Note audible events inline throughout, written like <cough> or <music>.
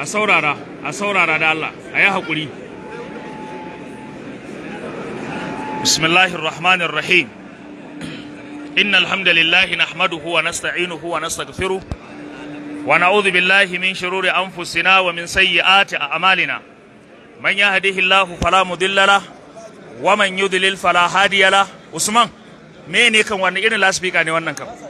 a saurara a saurara da Allah a yi haƙuri bismillahirrahmanirrahim inna alhamdulillahi nahmaduhu wa nasta'inuhu wa nastaghfiruh wa na'udhu billahi min shururi anfusina wa min sayyiati a'malina man yahdihillahu fala mudilla lah wa man yudlil fala hadiya lah usman me ne kan wannan irin lasfika ne wannan kan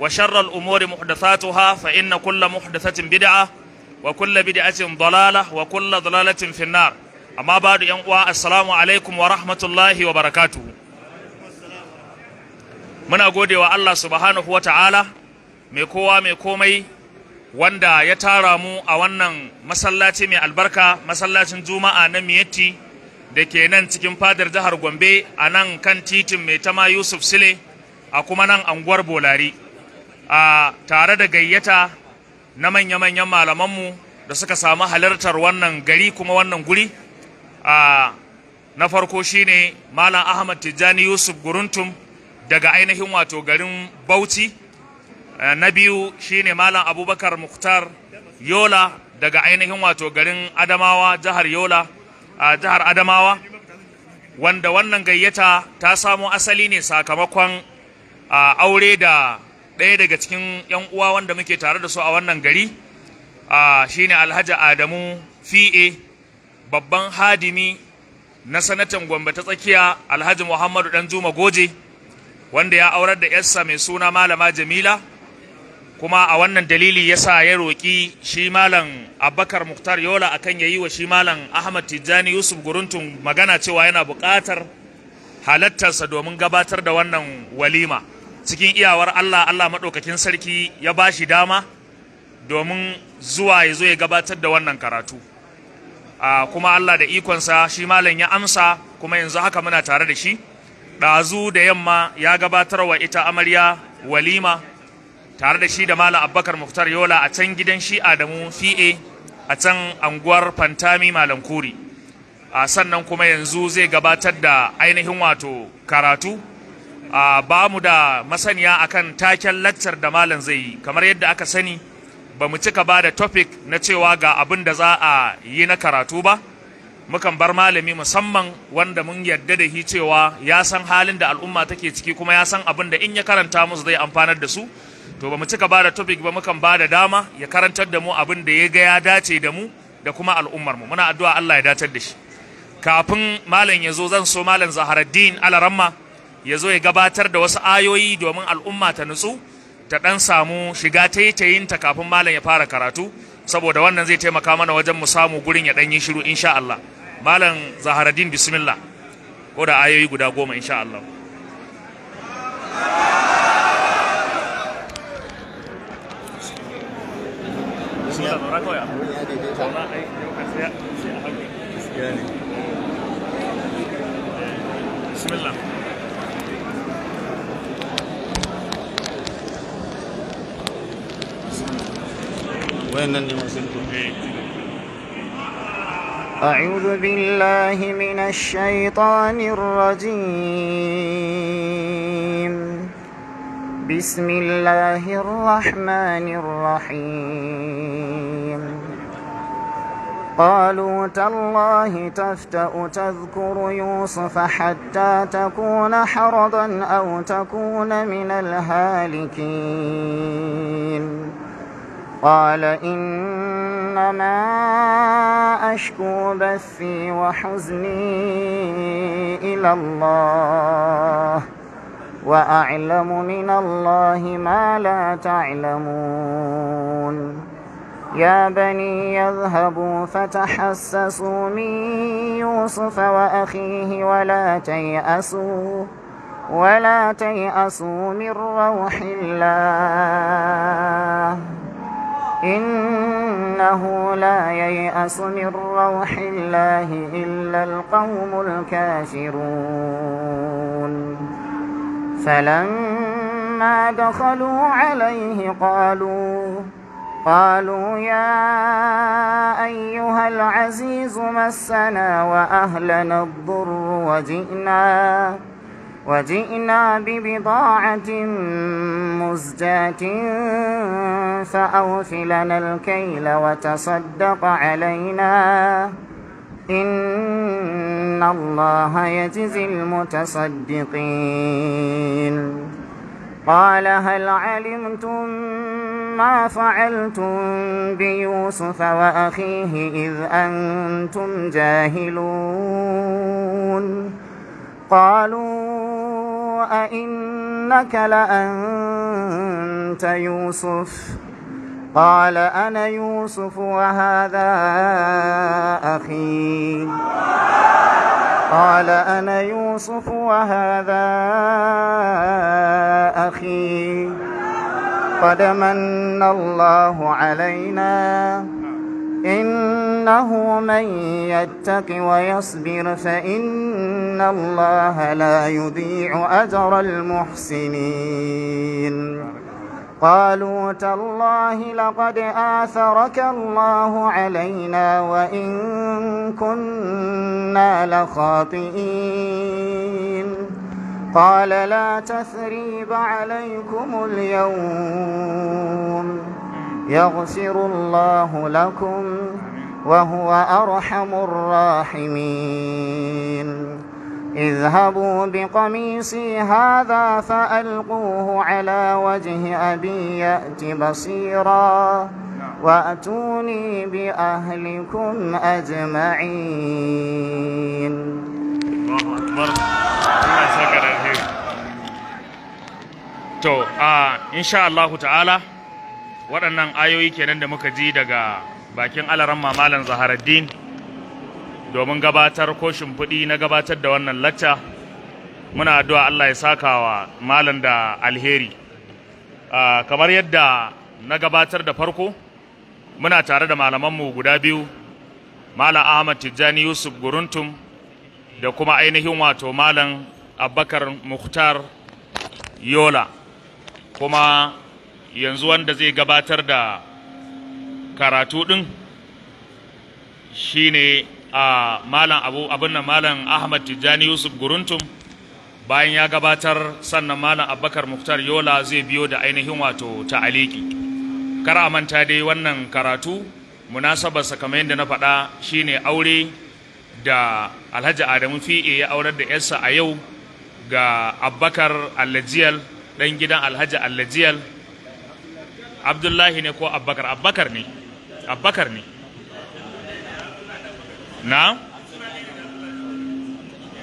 wa sharral umuri muhdathatuha fa inna kulla muhdathatin bid'a wa kulla bid'atin dalala wa kulla dalalatin fi nar amma ba'du yan uwa assalamu alaikum wa rahmatullahi wa barakatu. muna godewa Allah subhanahu wa ta'ala mai kowa mai komai wanda ya tara mu a wannan masallaci mai albarka masallacin juma'a na miyatti da ke nan cikin fadar jihar Gombe a nan kan titin mai tama Yusuf Sile a kuma nan anguwar Bolari a tare da gayyata na manya-manyan malamanmu da suka samu halartar wannan gari kuma wannan guri a na farko shine malam ahmad tijjani yusuf guruntum daga ainihin wato garin bauchi na biyu shine malam abubakar muktar yola daga ainihin wato garin adamawa jihar yola a jihar adamawa wanda wannan gayyata ta samo asali ne sakamakon aure da ɗaya daga cikin 'yan uwa wanda muke tare da su a wannan gari shine alhaji adamu fi'e babban hadimi na sanatan gwamba ta tsakiya alhaji muhammadu danjuma goje wanda ya aurar da yarsa mai suna malama jamila kuma a wannan dalili ya sa ya roƙi shi malam abakar muktar yola akan ya yi wa shi malam ahmad tijjani yusuf guruntun magana cewa yana buƙatar halattarsa domin gabatar da wannan walima cikin iyawar Allah Allah maɗaukakin sarki ya ba shi dama domin zuwa ya zo ya gabatar da wannan karatu kuma Allah da ikonsa shi malam ya amsa kuma yanzu haka muna tare da shi ɗazu da yamma ya gabatar wa ita amarya walima tare da shi da malam abbakar Muftar yola a can gidan shi adamu fi'e a can anguwar fantami malam kuri sannan kuma yanzu zai gabatar da ainihin wato karatu ba mu da masaniya akan taken laccar da malam zai yi kamar yadda aka sani ba mu cika ba da topic na cewa ga abin da za a yi na karatu ba mukan bar malami musamman wanda mun yarda da shi cewa ya san halin da al'umma take ciki kuma ya san abin da in ya karanta musu zai amfanar da su to ba mu cika ba da topic ba mukan ba da dama ya karantar da mu abin da ya ga ya dace da mu da kuma al'ummar mu muna addu'a Allah ya datar da shi kafin malam ya zo zan so malam Zaharuddin Alaramma ya zo ya gabatar da wasu ayoyi domin al'umma ta nutsu ta ɗan samu shiga ta yi ta yinta kafin malam ya fara karatu saboda wannan zai taimaka mana wajen mu samu gurin ya ɗan yi shiru insha Allah malam zaharadin bismillah ko da ayoyi guda goma insha Allah Bismillah. وإنني وزنت أعوذ بالله من الشيطان الرجيم بسم الله الرحمن الرحيم قالوا تالله تفتأ تذكر يوسف حتى تكون حرضا أو تكون من الهالكين قال إنما أشكو بثي وحزني إلى الله وأعلم من الله ما لا تعلمون يا بني يذهبوا فتحسسوا من يوسف وأخيه ولا تيأسوا ولا تيأسوا من روح الله إنه لا ييأس من روح الله إلا القوم الكافرون فلما دخلوا عليه قالوا قالوا يا أيها العزيز مسنا وأهلنا الضر وجئنا وجئنا ببضاعة مزجاة فأوفلنا الكيل وتصدق علينا إن الله يجزي المتصدقين قال هل علمتم ما فعلتم بيوسف وأخيه إذ أنتم جاهلون قالوا أئنك لأنت يوسف قال أنا يوسف وهذا أخي قال أنا يوسف وهذا أخي قد من الله علينا أنه من يتق ويصبر فإن الله لا يضيع أجر المحسنين قالوا تالله لقد آثرك الله علينا وإن كنا لخاطئين قال لا تثريب عليكم اليوم يغفر الله لكم وهو أرحم الراحمين اذهبوا بقميصي هذا فألقوه على وجه أبي يأت بصيرا وأتوني بأهلكم أجمعين الله أكبر to a insha Allahu ta'ala waɗannan ayoyi kenan da muka ji daga bakin alaran mamalan zaharaddin domin gabatar ko shimfiɗi na gabatar da wannan lacca muna addu'a Allah ya saka wa malam da alheri kamar yadda na gabatar da farko muna tare da malamanmu guda biyu malam ahmad tijjani yusuf guruntum da kuma ainihin wato malam abubakar muhtar yola kuma yanzu wanda zai gabatar da karatu ɗin shine a malam abu abinnan malam ahmad tijjani yusuf guruntum bayan ya gabatar sannan malam abubakar muktar yola zai biyo da ainihin wato ta Aliki kar a manta dai wannan karatu munasabarsa kamar yadda na faɗa shine aure da alhaji adamu fi'e ya aurar da yarsa a yau ga abubakar allajiyal ɗan gidan alhaji allajiyal abdullahi ne ko abubakar abubakar ne Abubakar ne na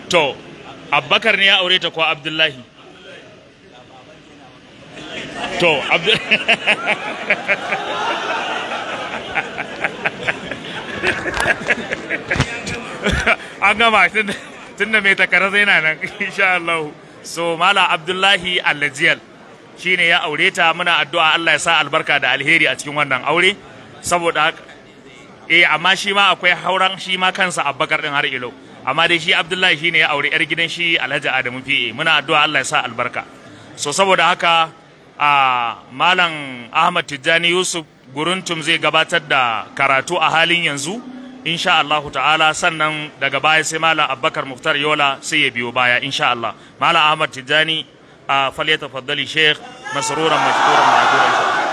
to abbakar ne ya aure ta kuwa abdullahi to <laughs> an gama tun da mai takara zai na nan <laughs> insha Allah so mala abdullahi allajiyal shine ya aure ta muna addu'a Allah ya sa albarka da alheri a cikin wannan aure saboda eh amma shi ma akwai hauran shi ma kansa bakar din har ilo amma dai shi abdullahi shine ya aure yar gidan shi alhaji adamu fi'e muna addu'a allah ya sa albarka so saboda haka a malam ahmad tijjani yusuf guruntum zai gabatar da karatu a halin yanzu insha allahu ta'ala sannan daga baya sai malam Abubakar muftar yola sai ya biyo baya insha allah malam ahmad tijjani a falyatafaddali sheikh masruran mashkuran ma'duran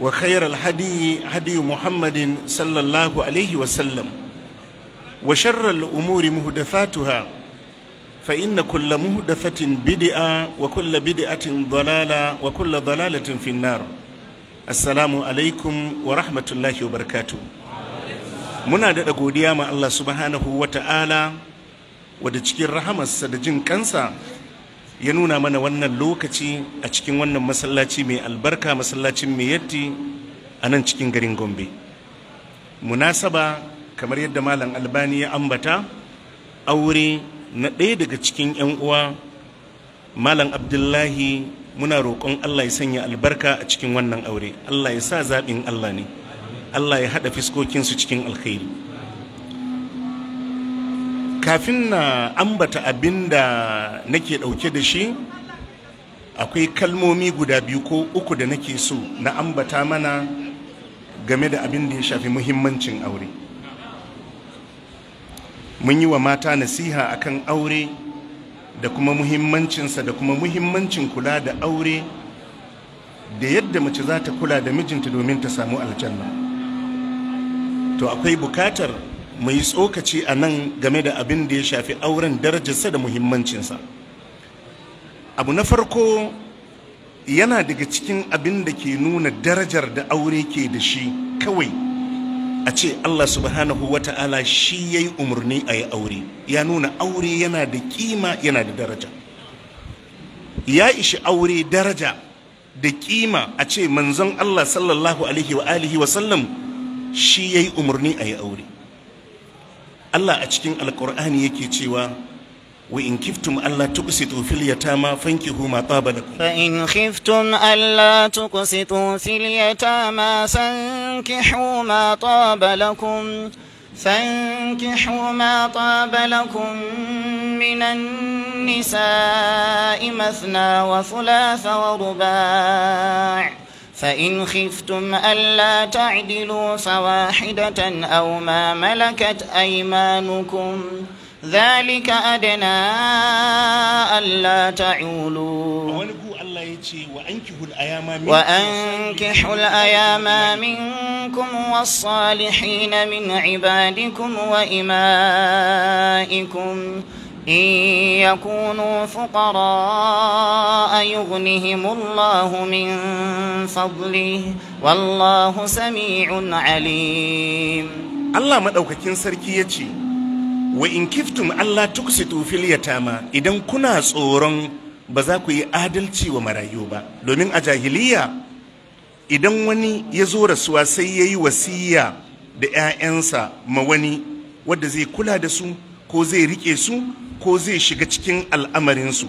وخير الهدي هدي محمد صلى الله عليه وسلم وشر الأمور مهدفاتها فإن كل مهدفة بدئة وكل بدئة ضلالة وكل ضلالة في النار السلام عليكم ورحمة الله وبركاته منا دقوديا مع الله سبحانه وتعالى ودجكي الرحمة سدجن كنسا ya nuna mana wannan lokaci a cikin wannan masallaci mai albarka masallacin miyatti a nan cikin garin gombe munasaba kamar yadda malam albani ya ambata aure na ɗaya daga cikin 'yan uwa malam abdullahi muna roƙon allah ya sanya albarka a cikin wannan aure allah ya sa zaɓin allah ne allah ya haɗa fiskokinsu cikin alkhairi kafin na ambata abin da nake ɗauke da shi akwai kalmomi guda biyu ko uku da nake so na ambata mana game da abin da ya shafi muhimmancin aure mun yi wa mata nasiha akan aure da kuma muhimmancinsa da kuma muhimmancin kula da aure da yadda mace za ta kula da mijinta domin ta samu aljanna to akwai bukatar mai tsokaci a nan game da abin da ya shafi auren darajarsa da muhimmancinsa abu na farko yana daga cikin abin da ke nuna darajar da aure ke da shi kawai a ce allah subhanahu wa ta'ala shi ya yi umarni a yi aure ya nuna aure yana da kima yana da daraja ya ishi aure daraja da kima a ce manzon allah sallallahu alaihi wa alihi wa sallam shi ya yi umarni a yi aure Allah a cikin alkur'ani yake cewa وإن كفتم ألا تقسطوا في اليتامى فانكحوا ما طاب لكم فإن خفتم ألا تقسطوا في اليتامى فانكحوا ما طاب لكم فانكحوا ما طاب لكم من النساء مثنى وثلاث ورباع فإن خفتم ألا تعدلوا فواحدة أو ما ملكت أيمانكم ذلك أدنى ألا تعولوا وأنكحوا الأيام منكم والصالحين من عبادكم وإمائكم إن يكونوا فقراء يغنهم الله من فضله والله سميع عليم الله ما ɗaukakin sarki ya ce wa in kiftum Allah tuksitu fil yatama idan kuna tsoron ba za ku yi adalci wa marayu ba domin a jahiliya idan wani ya zo rasuwa sai ya yi wasiya da 'ya'yansa ma wani wadda zai kula da su ko zai rike su ko zai shiga cikin al'amarinsu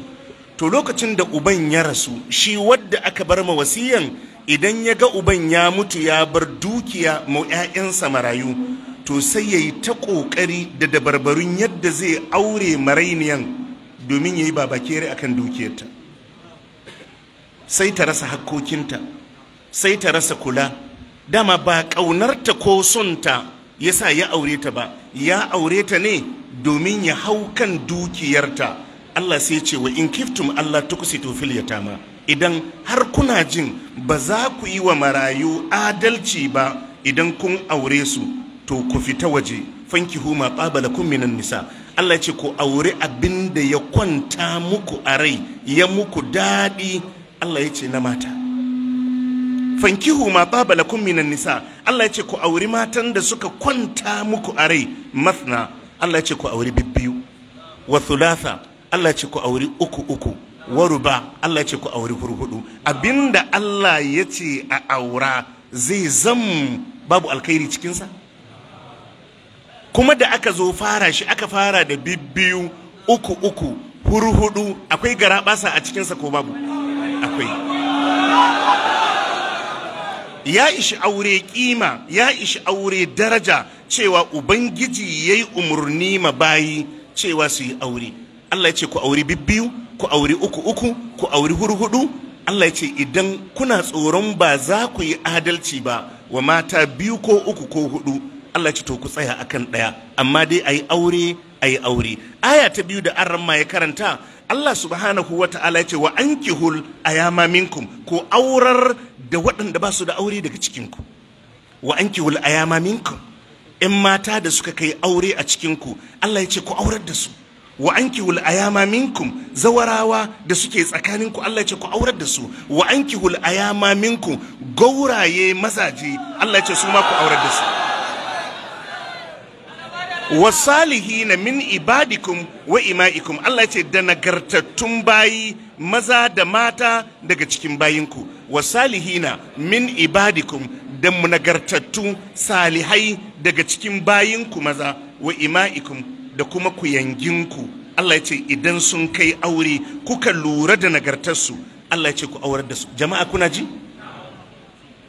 to lokacin da uban ya rasu shi wadda aka bar ma wasiyan idan ya ga uban ya mutu ya bar dukiya ma 'ya'yansa marayu to sai ya yi ta ƙoƙari da dabarbarun yadda zai aure marainiyan domin ya yi babakere akan dukiyarta sai ta rasa hakkokinta sai ta rasa kula dama ba ƙaunarta ko sonta yasa ya aure ta ba ya aure ta ne domin ya hau kan dukiyarta Allah sai ce wa in kiftum Allah tukusitu fil yatama idan har kuna jin ba za ku yi wa marayu adalci ba idan kun aure su to ku fita waje fanki huma qabala kun minan nisa Allah ce ku aure abin da ya kwanta muku a rai ya muku daɗi Allah ya ce na mata fankihu ma ba balakun minan nisa Allah ya ce ku auri matan da suka kwanta muku a rai mathna Allah ya ce ku auri bibbiyu wa thulatha Allah ya ce ku auri uku uku wa ruba Allah ya ce ku auri hurhudu abinda Allah ya ce a aura zai zam babu alkhairi cikinsa kuma da aka zo fara shi aka fara da bibbiyu uku uku hurhudu akwai garabasa a cikinsa ko babu akwai ya ishi aure kima ya ishi aure daraja cewa ubangiji ya yi umarni ma bayi cewa su yi aure Allah ya ce ku aure bibbiyu ku aure uku uku ku aure huru hurhudu Allah ya ce idan kuna tsoron ba za ku yi adalci ba wa mata biyu ko uku ko hudu Allah ya ce to ku tsaya akan daya amma dai ayi aure ayi aure aya ta biyu da ma ya karanta Allah subhanahu wa ta'ala ya ce wa ankihul ayama minkum ku aurar da waɗanda ba su da aure daga cikinku wa an wal ayama minkum in mata da suka kai aure a cikinku Allah ya ce ku aurar da su wa anki wal ayama minkum zawarawa da suke tsakaninku Allah ya ce ku aurar da su wa anki wal ayama minkum gauraye mazaje Allah ya ce su ma ku aurar da su salihi na min ibadikum wa ima'ikum Allah ya ce da nagartattun bayi maza da mata daga cikin bayinku wa salihina min ibadikum da munagartattu salihai daga cikin bayinku maza wa ima'ikum da kuma kuyanginku Allah ya ce idan sun kai aure kuka lura da nagartarsu Allah ya ce ku aurar da su jama'a kuna ji?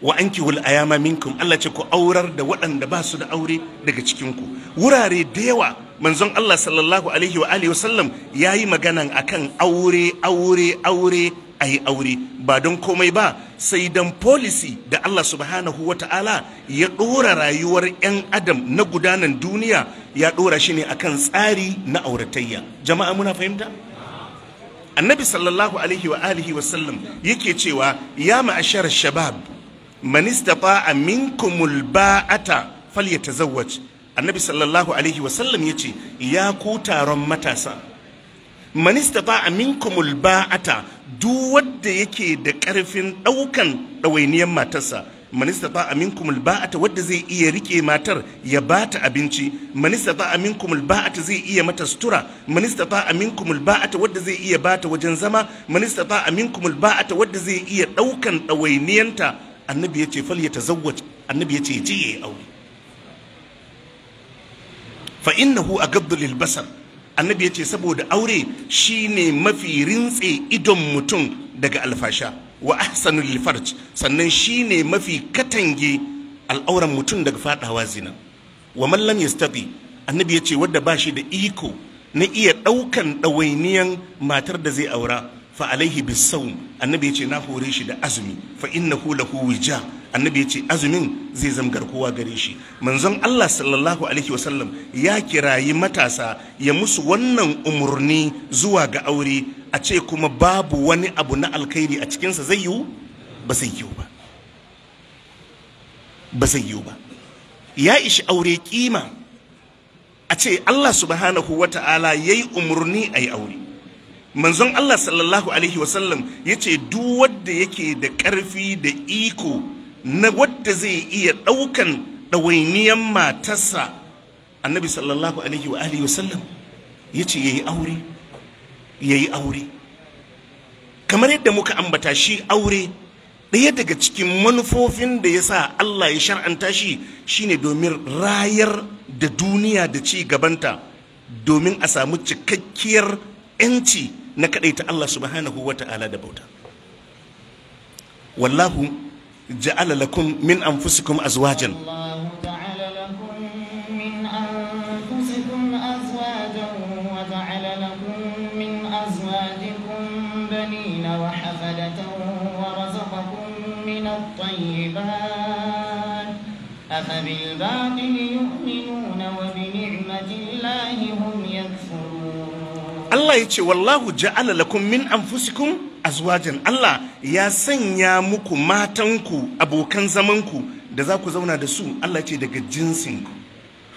wa ankihul ayama minkum Allah ce ku aurar da waɗanda ba su da aure daga cikin ku wurare da yawa manzon Allah sallallahu alaihi wa alihi wasallam yayi maganan akan aure aure aure ayi aure ba don komai ba sai dan policy da Allah subhanahu wa ta'ala ya dora rayuwar yan adam na gudanan duniya ya dora shi ne akan tsari na auratayya jama'a muna fahimta annabi sallallahu alaihi wa alihi wasallam yake cewa ya ma'ashar shabab man istata'a minkumul ta falyatazawwaj annabi sallallahu alaihi wasallam yace ya ku taron matasa man istata'a minkumul ba'ata duk wanda yake da karfin daukan dawainiyan matarsa man istata'a minkumul ta wadda zai iya rike matar ya ba ta abinci man istata'a minkumul ta zai iya mata sutura man istata'a minkumul ta wadda zai iya ba ta wajen zama man istata'a minkumul ta wadda zai iya daukan dawainiyanta annabi ya ce fal ya tazawwaj annabi ya ce je yi aure fa innahu a lil basar annabi ya ce saboda aure shine mafi rintse idon mutum daga alfasha wa ahsanu lil farj sannan shine mafi katange al'auran mutum daga fadawa zina wa man lam yastati annabi ya ce wanda ba shi da iko na iya ɗaukan ɗawainiyan matar da zai aura fa alaihi bisawm annabi ya ce na hore shi da azumi fa hu lahu wija annabi ya ce azumin zai zama garkuwa gare shi manzon Allah sallallahu alaihi wasallam ya kirayi matasa ya musu wannan umurni zuwa ga aure a ce kuma babu wani abu na alkhairi a cikinsa zai yiwu ba zai yiwu ba ba zai yiwu ba ya ishi aure kima a ce Allah subhanahu wata'ala yayi umurni ayi aure manzon Allah sallallahu alaihi wasallam yace duk wanda yake da ƙarfi da iko na wadda zai iya ɗaukan ɗawainiyan matarsa annabi sallallahu alaihi wa alihi wasallam yace yayi aure yayi aure kamar yadda muka ambata shi aure ɗaya daga cikin manufofin da ya sa Allah ya shar'anta shi shine domin rayar da duniya da ci gabanta domin a samu cikakkiyar 'yanci na ta Allah subhanahu wa ta'ala da bauta wallahu ja'ala lakum min anfusikum azwajan Allah ya ce wallahu ja'ala lakum min anfusikum azwajan Allah ya sanya muku matanku abokan zamanku da za ku zauna da su Allah ce daga jinsinku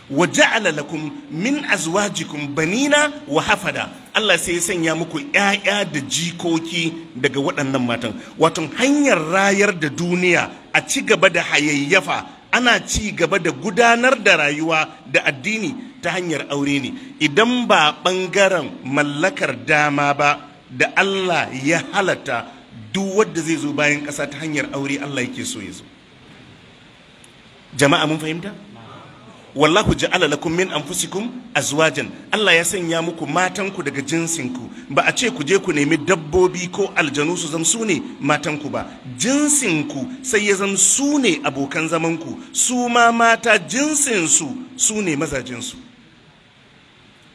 wa ja'ala lakum min azwajikum banina wa hafada Allah sai ya sanya muku ƴaƴa da jikoki daga waɗannan matan wato hanyar rayar da duniya a ci gaba da hayayyafa ana ci gaba da gudanar da rayuwa da addini ta hanyar aure ne idan ba ɓangaren mallakar dama ba da Allah ya halatta duk wadda zai zo bayan ƙasa ta hanyar aure Allah yake so ya zo jama'a mun fahimta wallahu ja'ala lakum min anfusikum azwajan Allah ya sanya muku matanku daga jinsinku ba a ce ku je ku nemi dabbobi ko aljanu su zamsu ne matanku ba jinsinku sai ya zamsu ne abokan zamanku su ma mata jinsinsu su ne mazajensu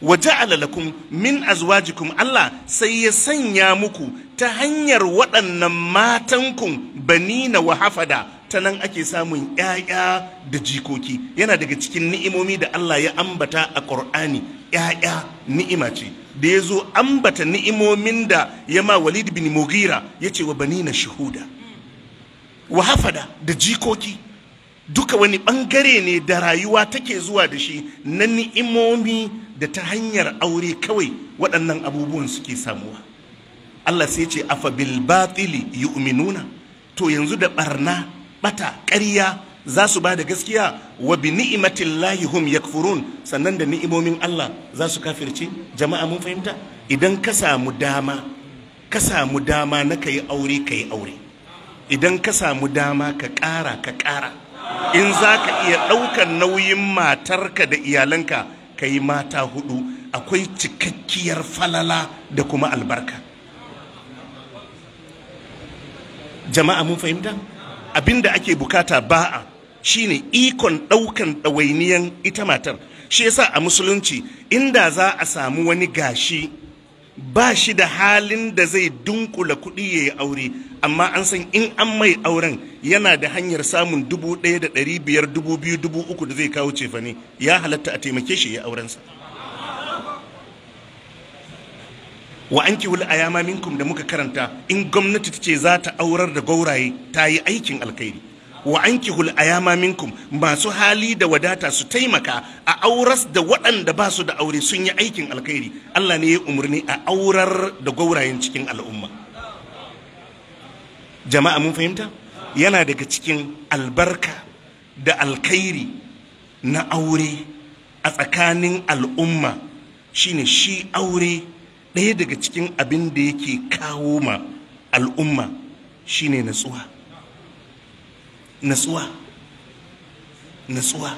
wa ja'ala lakum min azwajikum Allah sai ya sanya muku ta hanyar waɗannan matankun banina wa hafada ta nan ake samun ‘ya'ya da jikoki yana daga cikin ni'imomi da Allah ya ambata a ƙor'ani ‘ya'ya ni'ima ce da ya zo ambata ni'imomin da ya ma walid bin mugira ya ce wa bani na shahuda wa hafada da jikoki duka wani ɓangare ne da rayuwa take zuwa da shi na ni'imomi da ta hanyar aure kawai waɗannan abubuwan suke samuwa Allah sai ce afa bil batili yu'minuna to yanzu da barna bata ƙarya za su ba da gaskiya wa bi ni'matillahi hum yakfurun sannan da ni'imomin Allah za su kafirce jama'a mun fahimta idan ka samu dama ka samu dama na yi aure yi aure idan ka samu dama ka ƙara ka ƙara in za ka iya ɗaukar nauyin matarka da iyalanka ka yi mata hudu akwai cikakkiyar falala da kuma albarka jama'a mun fahimta Abin da ake bukata ba'a shine ikon ɗaukan ɗawainiyan ita matar shi yasa a musulunci inda za a samu wani gashi ba shi da halin da zai dunkula kuɗi ya yi aure amma an san in an mai auren yana da hanyar samun dubu ɗaya da ɗari biyar dubu biyu dubu uku da zai kawo cefane ya halatta a taimake shi ya yi aurensa wa an kihul ayama minkum da muka karanta in gwamnati ta ce za ta aurar da gauraye ta yi aikin alkhairi wa an kihul ayama minkum masu hali da wadata su taimaka a auras da waɗanda ba su da aure sun yi aikin alkhairi Allah ne ya umarni a aurar da gaurayen cikin al'umma jama'a mun fahimta yana daga cikin albarka da alkhairi na aure a tsakanin al'umma shine shi aure ɗaya daga cikin abin da yake kawo ma al'umma shine natsuwa natsuwa natsuwa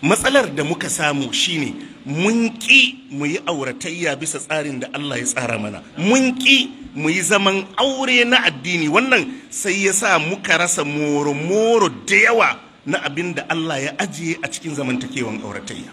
matsalar da muka samu shine mun ƙi mu yi auratayya bisa tsarin da Allah ya tsara mana mun ƙi mu yi zaman aure na addini wannan sai ya sa muka rasa moro-moro da yawa na abin da Allah ya ajiye a cikin zamantakewan auratayya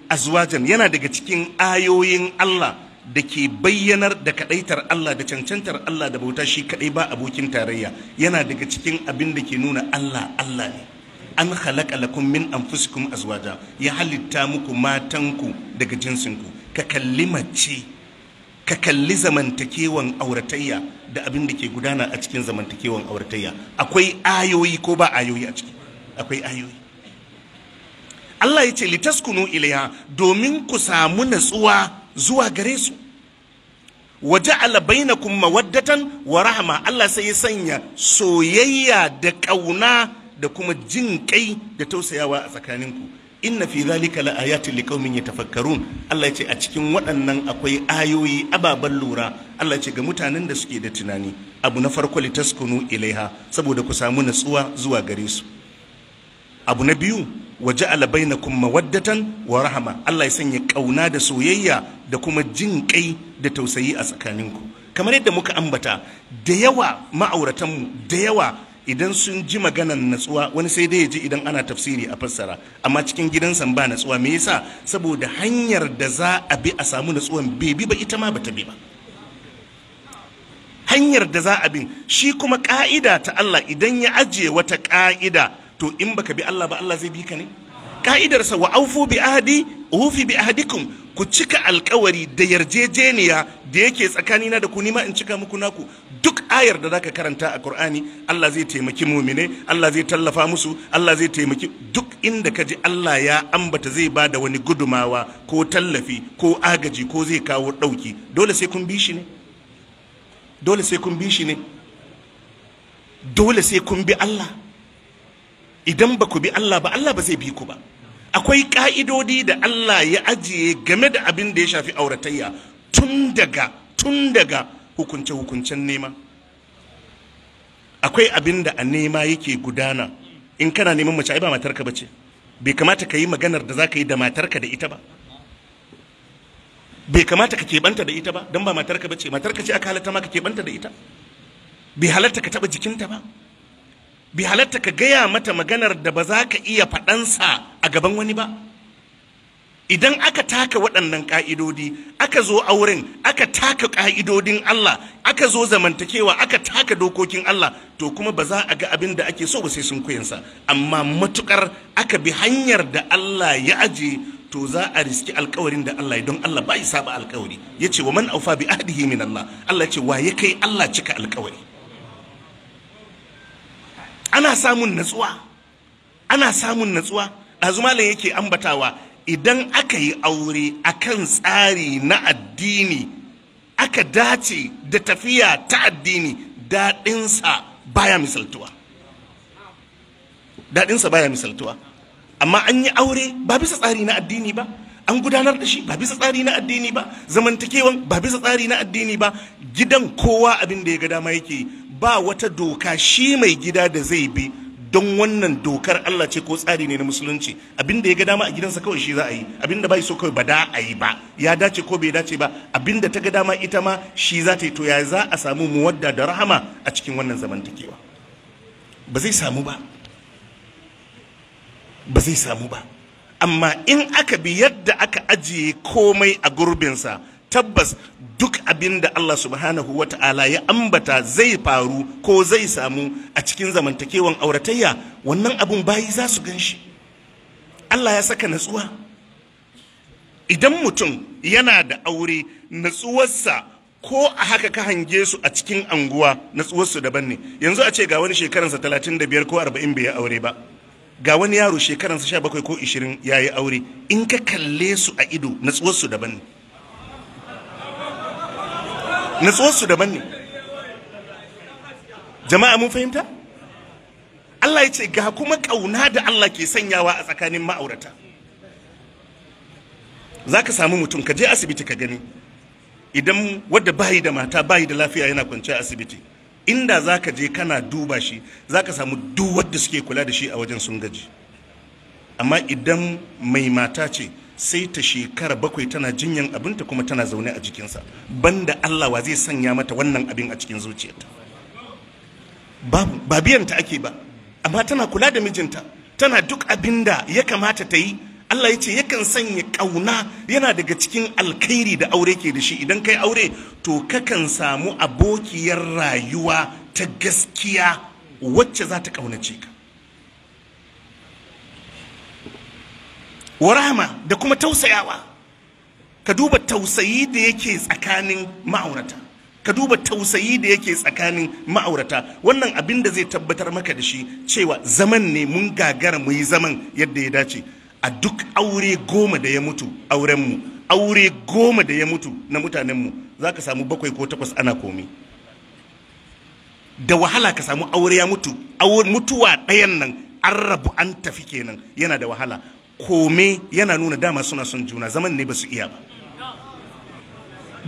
azwajan yana daga cikin ayoyin Allah da ke bayyanar da kadaitar Allah da cancantar Allah da bauta shi kadai ba abokin tarayya yana daga cikin abin da ke nuna Allah Allah ne an khalaqa lakum min anfusikum azwaja ya halitta muku matanku daga jinsinku ka kalli mace ka kalli zamantakewan auratayya da abin da ke gudana a cikin zamantakewan auratayya akwai ayoyi ko ba ayoyi a ciki akwai ayoyi Allah ya ce litaskunu ilaiha domin ku samu natsuwa zuwa gare su wa ja'ala bainakum mawaddatan wa rahma Allah sai ya sanya soyayya da ƙauna da kuma jin kai da tausayawa a tsakaninku inna fi zalika laayatin liqaumin yatafakkarun Allah ya ce a cikin waɗannan akwai ayoyi ababan lura Allah ya ce ga mutanen da suke da tunani abu na farko litaskunu ilaiha saboda ku samu natsuwa zuwa gare su abu na biyu Waje alabai na bainakum waddatan wa rahama Allah ya sanya ƙauna da soyayya da kuma jin kai da tausayi a tsakaninku kamar yadda muka ambata da yawa ma'auratanmu da yawa idan sun ji maganan natsuwa wani sai dai ya ji idan ana tafsiri a fassara amma cikin gidansa ba natsuwa me yasa saboda hanyar da za a bi a samu natsuwan bai bi ba ita ma ba ta bi ba hanyar da za a bi shi kuma ka'ida ta Allah idan ya ajiye wata ka'ida to in baka bi Allah ba Allah zai bi ka ne ka'idarsa wa aufu bi ahadi ufi bi ahadikum ku cika alkawari da yarjejeniya da yake tsakanina da ku nima in cika muku naku duk ayar da zaka karanta a Qur'ani Allah zai taimaki mumine Allah zai tallafa musu Allah zai taimaki duk inda ka ji Allah ya ambata zai bada wani gudumawa ko tallafi ko agaji ko zai kawo ɗauki dole sai kun bi shi ne dole sai kun bi shi ne dole sai kun bi Allah idan ba ku bi Allah ba Allah ba zai bi ku ba akwai ka'idodi da Allah ya ajiye game da abin da ya shafi auratayya tun daga tun daga hukunce hukuncen nema akwai abin da a nema yake gudana in kana neman mace ai ba matarka bace bai kamata ka yi maganar da zaka yi da matarka da ita ba bai kamata ka keɓanta da ita ba don ba matarka bace matarka ce aka halatta ma ka keɓanta da ita bai halatta ka taɓa jikinta ba bi halatta ka gaya mata maganar da ba za ka iya faɗansa a gaban wani ba idan aka taka waɗannan ƙa'idodi aka zo auren aka taka ƙa'idodin Allah aka zo zamantakewa aka taka dokokin Allah to kuma ba za a ga abin da ake so ba sai sun kuyansa amma matukar aka bi hanyar da Allah ya aje to za a riski alkawarin da Allah ya don Allah ba ya saba alkawari ya ce wa man aufa bi ahdihi min Allah Allah ce wa ya kai Allah cika alkawari ana samun natsuwa ana samun natsuwa ɗazu malam yake ambatawa idan aka yi aure akan tsari na addini aka dace da tafiya ta addini daɗinsa baya misaltuwa daɗinsa baya misaltuwa amma an yi aure ba bisa tsari na addini ba an gudanar da shi ba bisa tsari na addini ba zamantakewan ba bisa tsari na addini ba gidan kowa abin da ya ga dama yake ba wata doka shi mai gida da zai bi don wannan dokar Allah ce ko tsari ne na musulunci abinda ya ga dama a gidansa kawai shi za a yi abinda bai so kawai ba da a yi ba ya dace ko bai dace ba abinda ta ga dama ita ma shi za ta yi to ya za a samu muwadda da rahama a cikin wannan zamantakewa ba zai samu ba ba zai samu ba amma in aka bi yadda aka ajiye komai a gurbinsa tabbas duk abin da Allah subhanahu wa ta'ala ya ambata zai faru ko zai samu a cikin zamantakewan auratayya wannan abun bayi za su gan shi Allah ya saka natsuwa idan mutum yana da aure natsuwarsa ko a haka ka hange su a cikin anguwa natsuwarsu daban ne yanzu a ce ga wani shekaransa 35 ko 40 bai aure ba ga wani yaro shekaransa 17 ko 20 yi aure in ka kalle su a ido natsuwarsu daban ne nutsuwarsu daban ne jama'a mun fahimta Allah ya ce ga kuma ƙauna da Allah ke sanyawa a tsakanin ma'aurata za ka samu mutum ka je asibiti ka gani idan wadda bayi da mata bayi da lafiya yana kwanciya asibiti inda za ka je kana duba shi za ka samu duk wadda suke kula da shi a wajen sun gaji amma idan mai mata ce sai ta shekara bakwai tana jinyan abinta kuma tana zaune a jikinsa banda Allah wa zai sanya mata wannan abin a cikin zuciyarta ba biyanta ake ba amma tana kula da mijinta tana duk abin da ya kamata ta yi Allah ya ce yakan sanya ƙauna yana daga cikin alkhairi da aure ke da shi idan kai aure to kakan samu abokiyar rayuwa ta gaskiya wacce za ta ƙaunace ka wa rahama da kuma tausayawa ka duba tausayi da yake tsakanin ma'aurata ka duba tausayi da yake tsakanin ma'aurata wannan abin da zai tabbatar maka da shi cewa zaman ne mun gagara mu yi zaman yadda ya dace a duk aure goma da ya mutu aurenmu aure goma da ya mutu na mutanenmu za ka samu bakwai ko takwas ana komi da wahala ka samu aure ya mutu mutuwa ɗayan nan an rabu an tafi kenan yana da wahala kome yana nuna dama suna son juna zaman ne ba su iya ba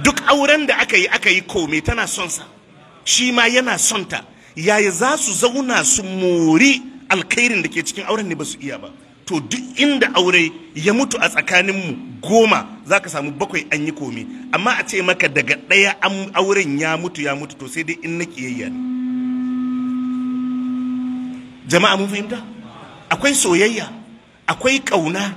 duk auren da aka yi aka yi kome tana son sa shi ma yana son ta yaya za su zauna su mori alkhairin da ke cikin auren ne ba su iya ba to duk inda aure ya mutu a tsakaninmu goma za ka samu bakwai an yi kome amma a ce maka daga ɗaya auren ya mutu ya mutu to sai dai in na kiyayya ne jama'a mun fahimta akwai soyayya akwai ƙauna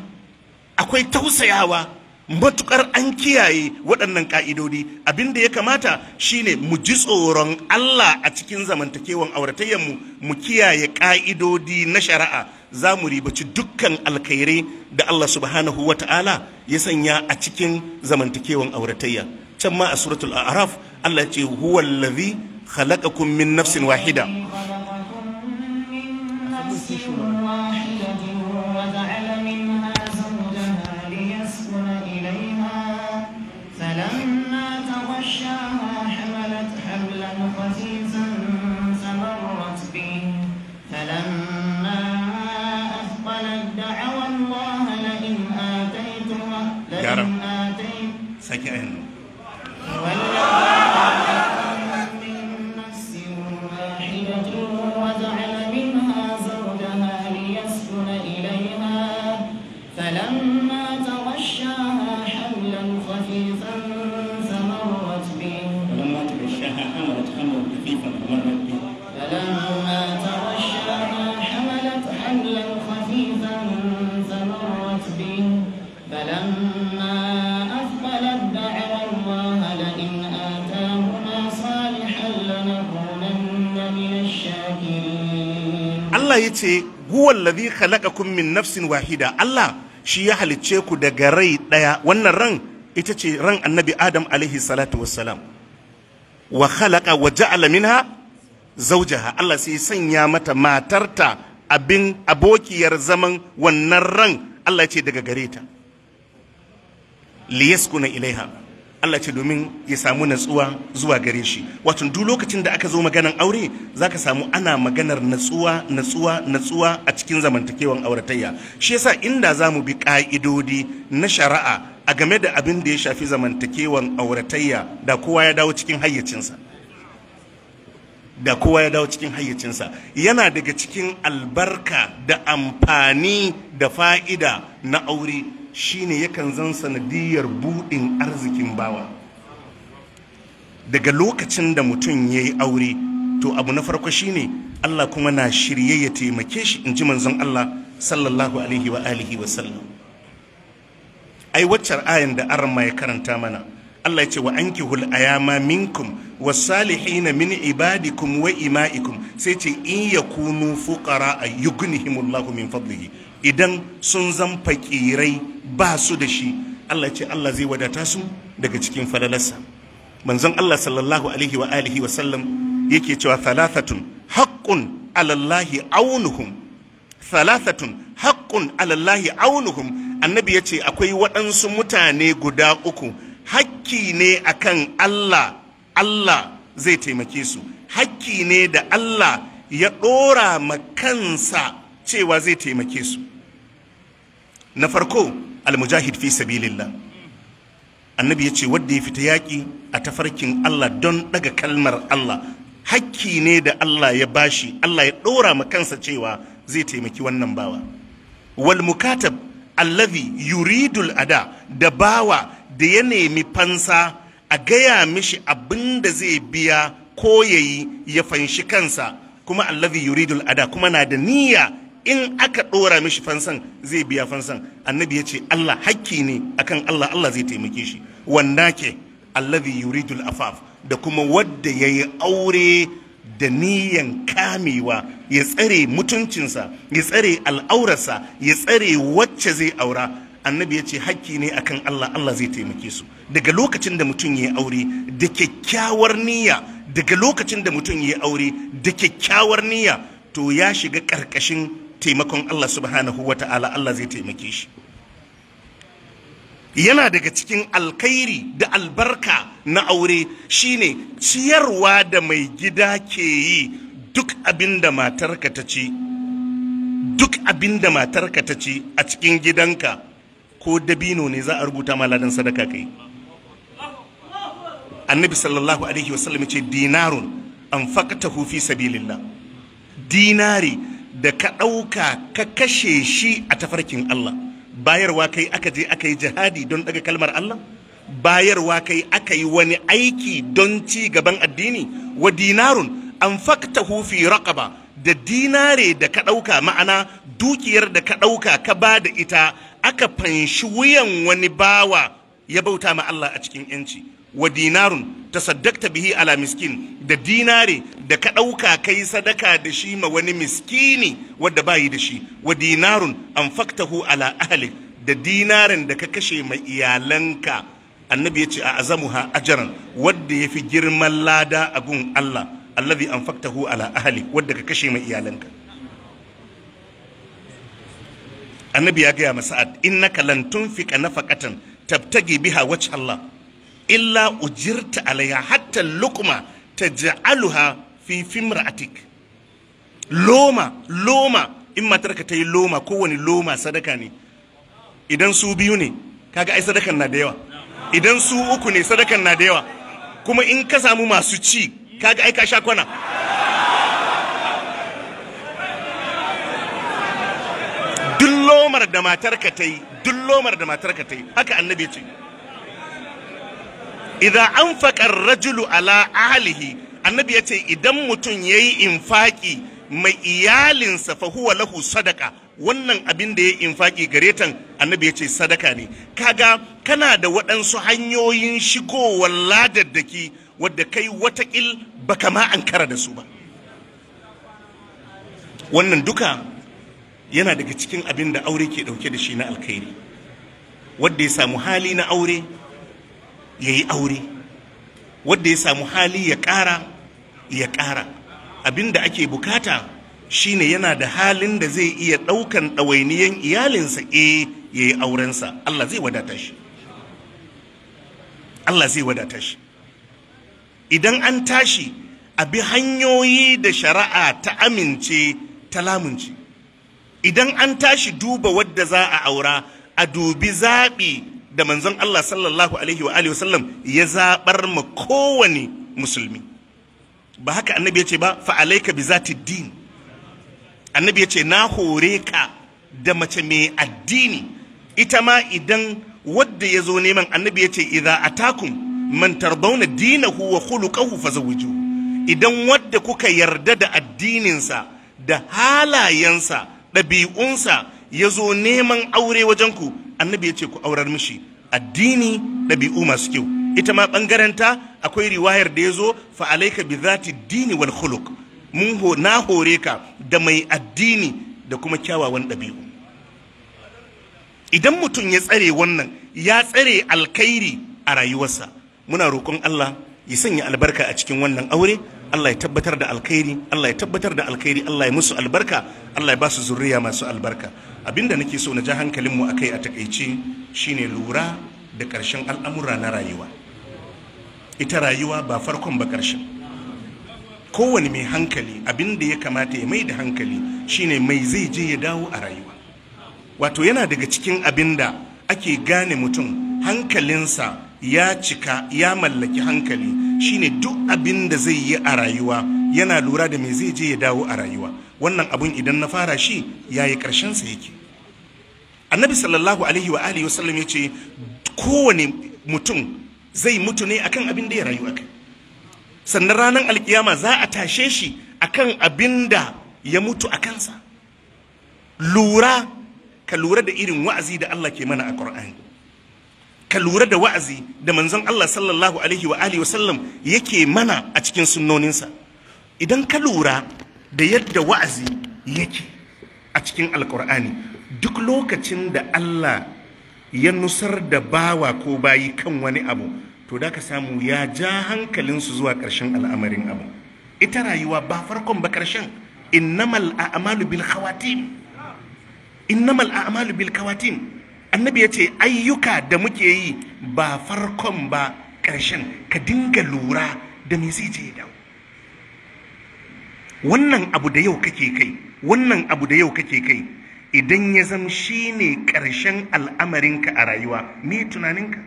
akwai tausayawa matukar an kiyaye waɗannan ƙa'idodi abin da ya kamata shine mu ji tsoron Allah a cikin zamantakewan auratayyanmu mu kiyaye ƙa'idodi na shari'a za mu ribaci dukkan alkhairai da Allah subhanahu wa ta'ala ya sanya a cikin zamantakewan auratayya can ma a suratul a'raf Allah ce huwallazi khalaqakum min nafsin wahida 哎。ce huwal ladhi khalaqakum min nafsin wahida Allah shi ya halicce ku daga rai daya wannan ran ita ce ran annabi Adam alaihi salatu wassalam wa khalaqa wa ja'ala minha zawjaha Allah sai sanya mata matarta abin abokiyar zaman wannan ran Allah ce daga gare ta liyaskuna ilaiha Allah ce domin ya samu natsuwa zuwa gare shi wato duk lokacin da aka zo maganar aure zaka samu ana maganar natsuwa natsuwa natsuwa a cikin zamantakewan auratayya shi yasa inda za mu bi ka'idodi na shari'a a game da abin da ya shafi zamantakewan auratayya da kowa ya dawo cikin hayyacinsa da kowa ya dawo cikin hayyacinsa yana daga cikin albarka da amfani da fa'ida na aure shine yakan zan sanadiyar buɗin arzikin bawa daga lokacin da mutum ya yi aure to abu na farko shine Allah kuma na shirye ya taimake shi in ji manzon Allah sallallahu alaihi wa alihi wa sallam ai waccar ayan da arma ya karanta mana Allah ya ce wa ankihul ayama minkum wa wasalihina min ibadikum wa ima'ikum sai ce in ya yakunu fuqara ayyughnihimullahu min fadlihi idan sun zan fakirai ba su da shi Allah ce Allah zai wadata su daga cikin falalarsa manzon Allah sallallahu alaihi wa alihi wa sallam yake cewa thalathatun haqqun alallahi aunuhum thalathatun haqqun alallahi aunuhum annabi yace akwai waɗansu mutane guda uku hakki ne akan Allah Allah zai taimake su hakki ne da Allah ya ɗora ma kansa cewa zai taimake su na farko almujahid fi sabilillah annabi ya ce wadda ya fita yaƙi a tafarkin Allah don ɗaga kalmar Allah hakki ne da Allah ya bashi Allah ya ɗora ma kansa cewa zai taimaki wannan bawa wal mukatab allazi yuridul ada da bawa da ya nemi fansa a gaya mishi abin da zai biya ko yayi ya fanshi kansa kuma allazi yuridul ada kuma na da niyya in aka ɗora mishi fansan zai biya fansan annabi ya ce Allah hakki ne akan Allah Allah zai taimake shi wanda ke allazi afaf da kuma wadda ya yi aure da niyan kamewa ya tsare mutuncinsa ya tsare al'aurarsa ya tsare wacce zai aura annabi ya ce hakki ne akan Allah Allah zai taimake su daga lokacin da mutum ya aure da kyakkyawar niyya daga lokacin da mutum ya yi aure da kyakkyawar niyya to ya shiga ƙarƙashin taimakon Allah subhanahu wa ta'ala Allah zai taimake shi yana daga cikin alkhairi da albarka na aure shine ciyarwa da mai gida ke yi duk abinda da matarka ta ci duk abin matarka ta ci a cikin gidanka ko dabino ne za a rubuta maladan sadaka kai annabi sallallahu alaihi wasallam ce dinarun an fi sabilillah dinari da ka ɗauka ka kashe shi a tafarkin Allah bayarwa kai aka je aka yi jihadi don ɗaga kalmar Allah bayarwa kai aka yi wani aiki don ci gaban addini wa dinarun an fakta hufi raqaba da dinare da ka ɗauka ma'ana dukiyar da ka ɗauka ka ba da ita aka fanshi wuyan wani bawa ya bauta ma Allah a cikin yanci wa dinarun tasaddaqta bihi ala miskin da dinare da ka ɗauka kai sadaka da shi ma wani miskini wadda bayi da shi wa dinarun anfaqtahu ala ahli da dinarin da ka kashe mai iyalanka annabi ya ce a azamuha ajaran wadda yafi girman lada a gun Allah allazi anfaqtahu ala ahli wadda ka kashe mai iyalanka annabi ya gaya masa innaka lan tunfiqa nafaqatan tabtagi biha wajh Allah illa ujirta alaiha hatta lukuma ta ja'aluha fi atik. loma loma in matarka ta yi loma kowane loma sadaka ne idan su biyu ne kaga ai sadakan na da yawa idan su uku ne sadakan na da yawa kuma in ka samu masu ci kaga ai ka sha kwana duk lomar da matarka ta yi duk lomar da matarka ta yi haka annabi ce idza an faƙar rajulu ala ahlihi annabi yace idan mutum yayi infaki mai iyalinsa fa huwa lahu sadaka wannan abin da ya infaki garetan annabi ya ce sadaka ne kaga kana da waɗansu hanyoyin shigowar ladaddaki wadda kai watakil baka ma an kara da su ba wannan duka yana daga cikin abin da aure ke ɗauke da shi na alkhairi wadda ya samu hali na aure ya yi aure wadda ya samu hali ya ƙara ya ƙara abinda ake bukata shine yana da halin da zai iya ɗaukan ɗawainiyan iyalinsa e ya yi aurensa Allah zai wadata shi Allah zai wadata shi idan an tashi a bi hanyoyi da shari'a ta amince ta lamunci idan an tashi duba wadda za a aura a dubi zaɓi da manzon Allah sallallahu alaihi wa alihi wasallam ya zaɓar ma kowane musulmi ba haka annabi yace ba fa alayka bi zati din annabi yace na hore ka da mace mai addini ita ma idan wadda ya zo neman annabi yace idza atakum man tardawna dinahu wa khuluquhu fazawwiju idan wadda kuka yarda da addininsa da halayensa ɗabi'unsa ya zo neman aure wajenku annabi ya ce ku aurar mishi addini ɗabi'u masu kyau ita ma ɓangarenta akwai riwayar da ya zo fa alaika bi zati dini wal khuluk mun ho na hore ka da mai addini da kuma kyawawan ɗabi'u idan mutum ya tsare wannan ya tsare alkhairi a rayuwarsa muna roƙon Allah ya sanya albarka a cikin wannan aure Allah ya tabbatar da alkhairi Allah ya tabbatar da alkhairi Allah ya musu albarka Allah ya ba su zuriya masu albarka abinda nake so na ji hankalinmu a kai a takaice shine lura da ƙarshen al'amura na rayuwa ita rayuwa ba farkon ba ƙarshen kowane mai hankali abinda ya kamata ya mai da hankali shine mai zai je ya dawo a rayuwa wato yana daga cikin abinda ake gane mutum hankalinsa ya cika ya mallaki hankali shine duk abin da zai yi a rayuwa yana lura da mai zai je ya dawo a rayuwa wannan abun idan na fara shi yayi ƙarshensa yake annabi sallallahu alaihi wa alihi wasallam yace kowane mutum zai mutu ne akan abin da ya rayu akai sannan ranar alkiyama za a tashe shi akan abin da ya mutu a kansa lura ka lura da irin wa'azi da Allah ke mana a Qur'ani ka lura da wa'azi da manzon Allah sallallahu alaihi wa alihi wasallam yake mana a cikin sunnoninsa idan ka lura da yadda wa'azi yake a cikin alkur'ani duk lokacin da Allah ya nusar da bawa ko bayi kan wani abu to da ka samu ya ja hankalinsu zuwa ƙarshen al'amarin abu ita rayuwa ba farkon ba ƙarshen innamal a'malu bil khawatim innamal a'malu bil khawatim annabi ya ce ayyuka da muke yi ba farkon ba ƙarshen ka dinga lura da me zai je ya wannan abu da yau kake kai wannan abu da yau kake kai idan ya zam shi ne ƙarshen al'amarinka a rayuwa me tunaninka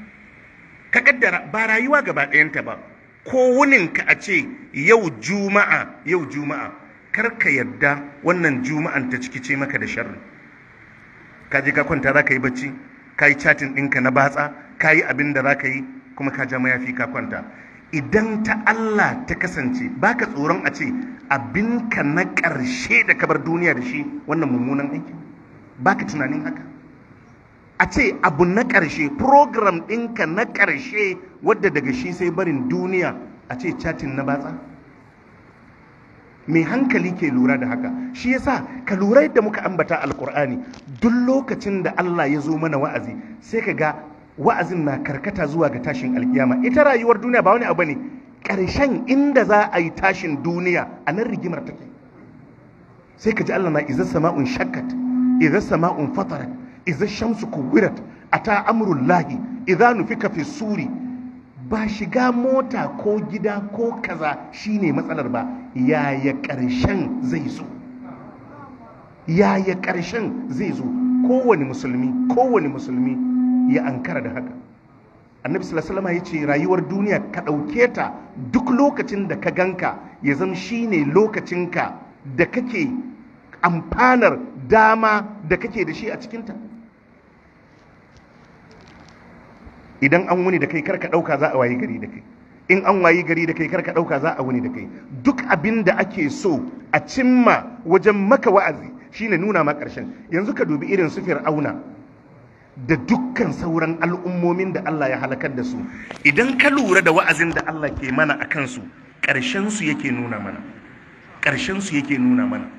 ka kaddara ba rayuwa gaba ɗayanta ba ko wuninka a ce yau juma'a yau juma'a karka yadda wannan juma'an ta ciki ce maka da sharri ka je ka kwanta za ka yi bacci ka yi chatin ɗinka na batsa ka yi abin da za ka yi kuma ka ja mayafi ka kwanta idan ta Allah ta kasance baka tsoron a ce abinka na ƙarshe da kabar duniya da shi wannan mummunan aiki baka tunanin haka a ce abu na ƙarshe program ɗinka na ƙarshe wadda daga shi sai barin duniya a ce chatin na batsa mai hankali ke lura da haka shi yasa ka lura yadda muka ambata alkur'ani duk lokacin da Allah ya zo mana wa'azi sai ka ga wa'azin na karkata zuwa ga tashin alkiyama ita rayuwar duniya ba wani abu ne ƙarshen inda za a yi tashin duniya a nan rigimar take sai ka ji Allah na izar sama'un shakkat idza sama'un fatarat idza shamsu kuwirat ata amrul lahi idza nufika fi suri ba shiga mota ko gida ko kaza shine matsalar ba yaya karshen zai zo yaya karshen zai zo kowane musulmi kowane musulmi ya ankara da haka annabi sallallahu ya ce rayuwar duniya ka ɗauke ta duk lokacin da ka ganka ya zama shine ka da kake amfanar dama da kake da shi a cikinta idan an wuni da kai karka ɗauka za a wayi gari da kai in an wayi gari da kai karka ɗauka za a wuni da kai duk abin da ake so a cimma wajen maka wa'azi shine nuna ma ƙarshen yanzu ka dubi irin su fir'auna da dukkan sauran al'ummomin da Allah ya halakar da su idan ka lura da wa'azin da Allah ke mana a kansu ƙarshensu yake nuna mana ƙarshensu yake nuna mana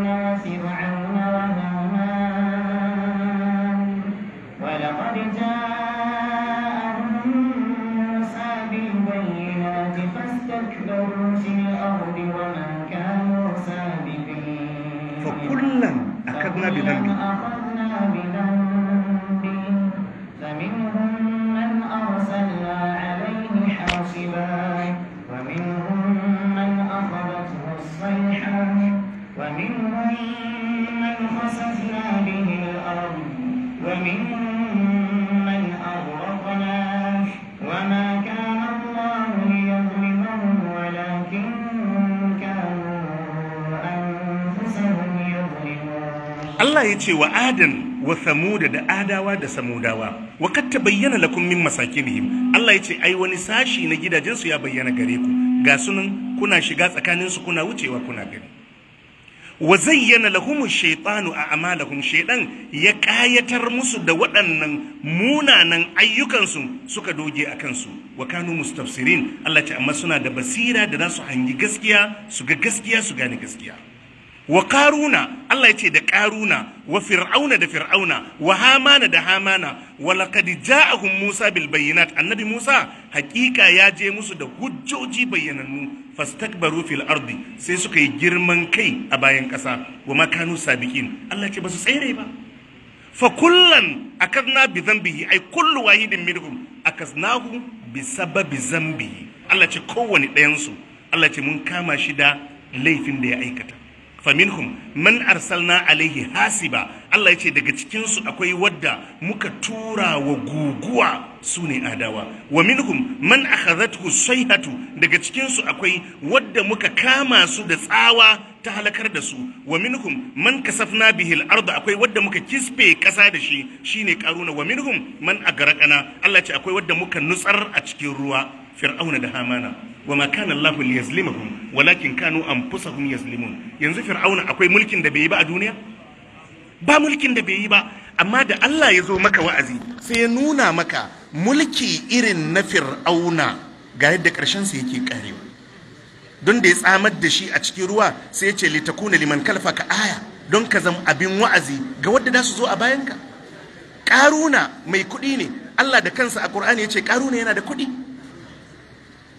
ce wa adan wa samuda da adawa da samudawa wa ta bayyana lakum min masakinihim Allah ya ce ai wani sashi na gidajensu ya bayyana gare ku ga sunan kuna shiga tsakaninsu kuna wucewa kuna gani wa zayyana lahum shaytanu a amalahum shaydan ya kayatar musu da waɗannan munanan ayyukansu suka doge a kansu wa kanu mustafsirin Allah ce amma suna da basira da za su hangi gaskiya su ga gaskiya su gane gaskiya wa karuna Allah ya ce da karuna wa fir'auna da fir'auna wa hamana da hamana wa laqad ja'ahum Musa bil bayyinat annabi Musa hakika ya je musu da hujjoji bayyanannu fastakbaru fil ardi sai suka yi girman kai a bayan ƙasa wa makanu sabiqin Allah ya ce ba su tsere ba fa kullan akadna bi dhanbihi ay kullu wahidin minhum akaznahu bi sababi zambihi Allah ce kowane ɗayan su Allah ce mun kama shi da laifin da ya aikata faminhum man arsalna alaihi hasiba Allah yace daga cikin su akwai wadda muka tura wa guguwa sune adawa wa minhum man akhadathu sayhatu daga cikinsu su akwai wadda muka kama su da tsawa ta halakar da su wa minhum man kasafna bihi al-ard akwai wadda muka kisbe kasa da shi shine karuna wa minhum man agraqana Allah ce akwai wadda muka nutsar a cikin ruwa fir'auna da hamana wa ma kana Allah liyazlimahum walakin kanu anfusahum yazlimun yanzu fir'auna akwai mulkin da bai yi ba a duniya ba mulkin da bai yi ba amma da Allah ya zo maka wa'azi sai ya nuna maka mulki irin na fir'auna ga yadda karshen sa yake karewa don da ya tsamar da shi a cikin ruwa sai ya ce litakuna liman kalfa ka aya don ka zama abin wa'azi ga wadda za su zo a bayanka Karuna mai kuɗi ne Allah da kansa a ƙur'ani ya ce ƙaruna yana da kuɗi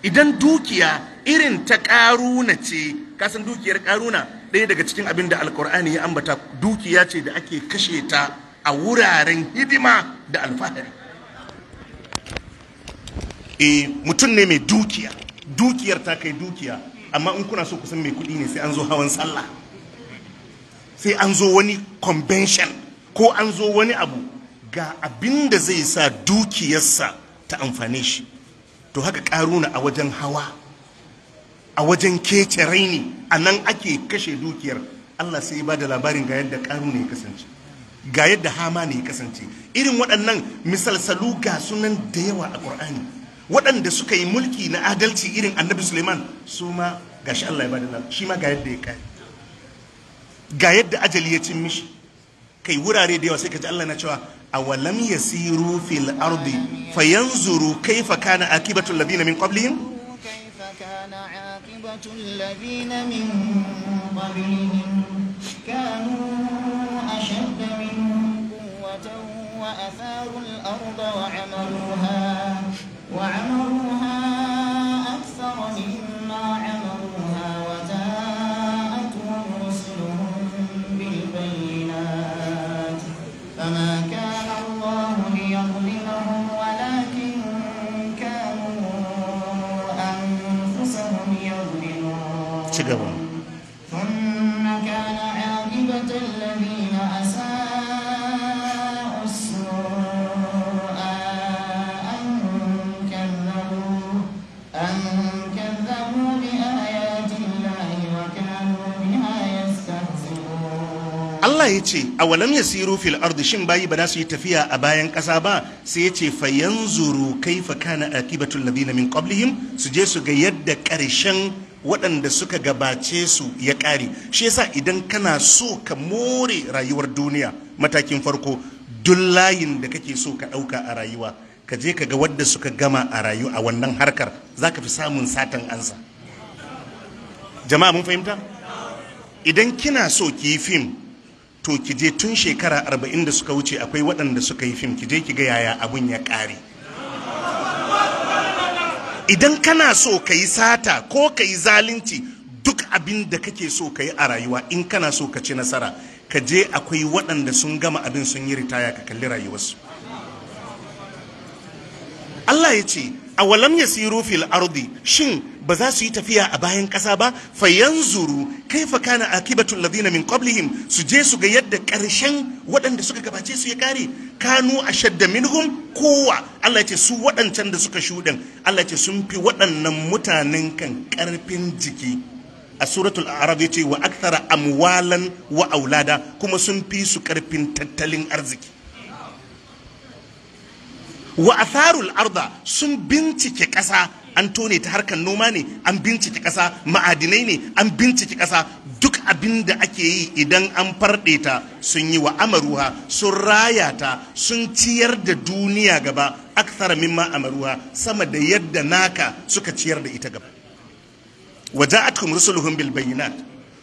idan dukiya irin ta ƙaruna ce kasan dukiyar karuna ɗaya daga cikin abin da alkur'ani ya ambata dukiya ce da ake kashe ta a wuraren hidima da alfahari e mutum ne mai dukiya dukiyar ta kai dukiya amma in kuna so kusan mai kuɗi ne sai an zo hawan sallah sai an zo wani convention ko an zo wani abu ga abin da zai sa dukiyarsa ta amfane shi to haka karuna a wajen hawa a wajen kece raini a nan ake kashe dukiyar allah sai ya ba da labarin ga yadda karuna ya kasance ga yadda hama ne ya kasance irin waɗannan misalsalu ga sunan da yawa a ƙur'ani waɗanda suka yi mulki na adalci irin annabi suleiman su ma shi allah ya ba da labarin shi ma ga yadda ya kai ga yadda ajali ya cin mishi kai wurare da yawa sai ka ji Allah na cewa awalam yasiru fil ardi fayanzuru kaifa kana akibatul ladina min qablihim kaifa kana akibatul ladina min qablihim kanu ashadda minhum quwwatan wa atharu al arda wa amaruha wa amaruha ci gaba Allah ya ce a walam ya siru fil ardi shin bayi ba za su yi tafiya a bayan ƙasa ba sai ya ce fa kai fa kana akibatul ladina min qablihim su je su ga yadda ƙarshen waɗanda suka gabace su ya ƙare shi yasa idan kana so ka more rayuwar duniya matakin farko duk layin da kake so ka ɗauka a rayuwa ka je ka ga wadda suka gama a rayu a wannan harkar za ka fi samun satan ansa jama'a mun fahimta idan kina so ki yi fim to ki je tun shekara arba'in da suka wuce akwai waɗanda suka yi fim ki je ki ga yaya abun ya ƙare idan kana so ka yi sata ko ka yi zalunci duk abin da kake so ka yi a rayuwa in kana so ka ci nasara ka je akwai waɗanda sun gama abin sun yi ritaya ka kalli rayuwarsu Allah ya ce awalam siru fil ardi shin ba za su yi tafiya a bayan ƙasa ba fa yanzuru fa kana akibatu ladina min qablihim su je su ga yadda ƙarshen waɗanda suka gabace su ya kare kanu ashadda minhum kowa Allah ce su waɗancan da suka shuɗan Allah ce sun fi waɗannan mutanen kan ƙarfin jiki a suratul a'raf ya ce wa akthara amwalan wa aulada kuma sun fi su ƙarfin tattalin arziki wa atharul arda sun bincike ƙasa an tone ta harkar noma ne an bincike ƙasa ma'adinai ne an bincike ƙasa duk abin da ake yi idan an farɗe ta sun yi wa amaruha sun raya ta sun ciyar da duniya gaba akthara mimma amaruha sama da yadda naka suka ciyar da ita gaba waja'atkum rusuluhum bil bayyinat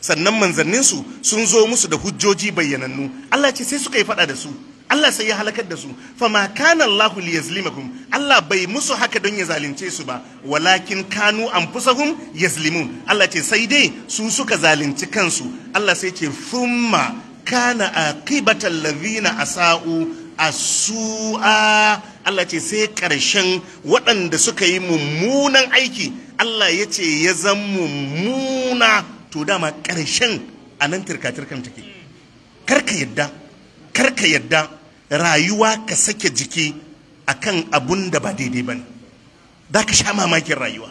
sannan manzanninsu sun zo musu da hujjoji bayyanannu Allah ce sai suka yi fada da su Allah sai ya halakar da su fama kana Allah yazlimakum Allah bai musu haka don ya zalunce su ba walakin kanu anfusahum yazlimun Allah ce sai dai su suka zalunci kansu Allah sai ce thumma kana aqibatal ladhina asau asu'a Allah ce sai karshen waɗanda suka yi mummunan aiki Allah ya ce ya zan mummuna to dama karshen a nan take karka yadda karka yadda rayuwa ka sake jiki akan abun da ba daidai ba ne za ka sha mamakin rayuwa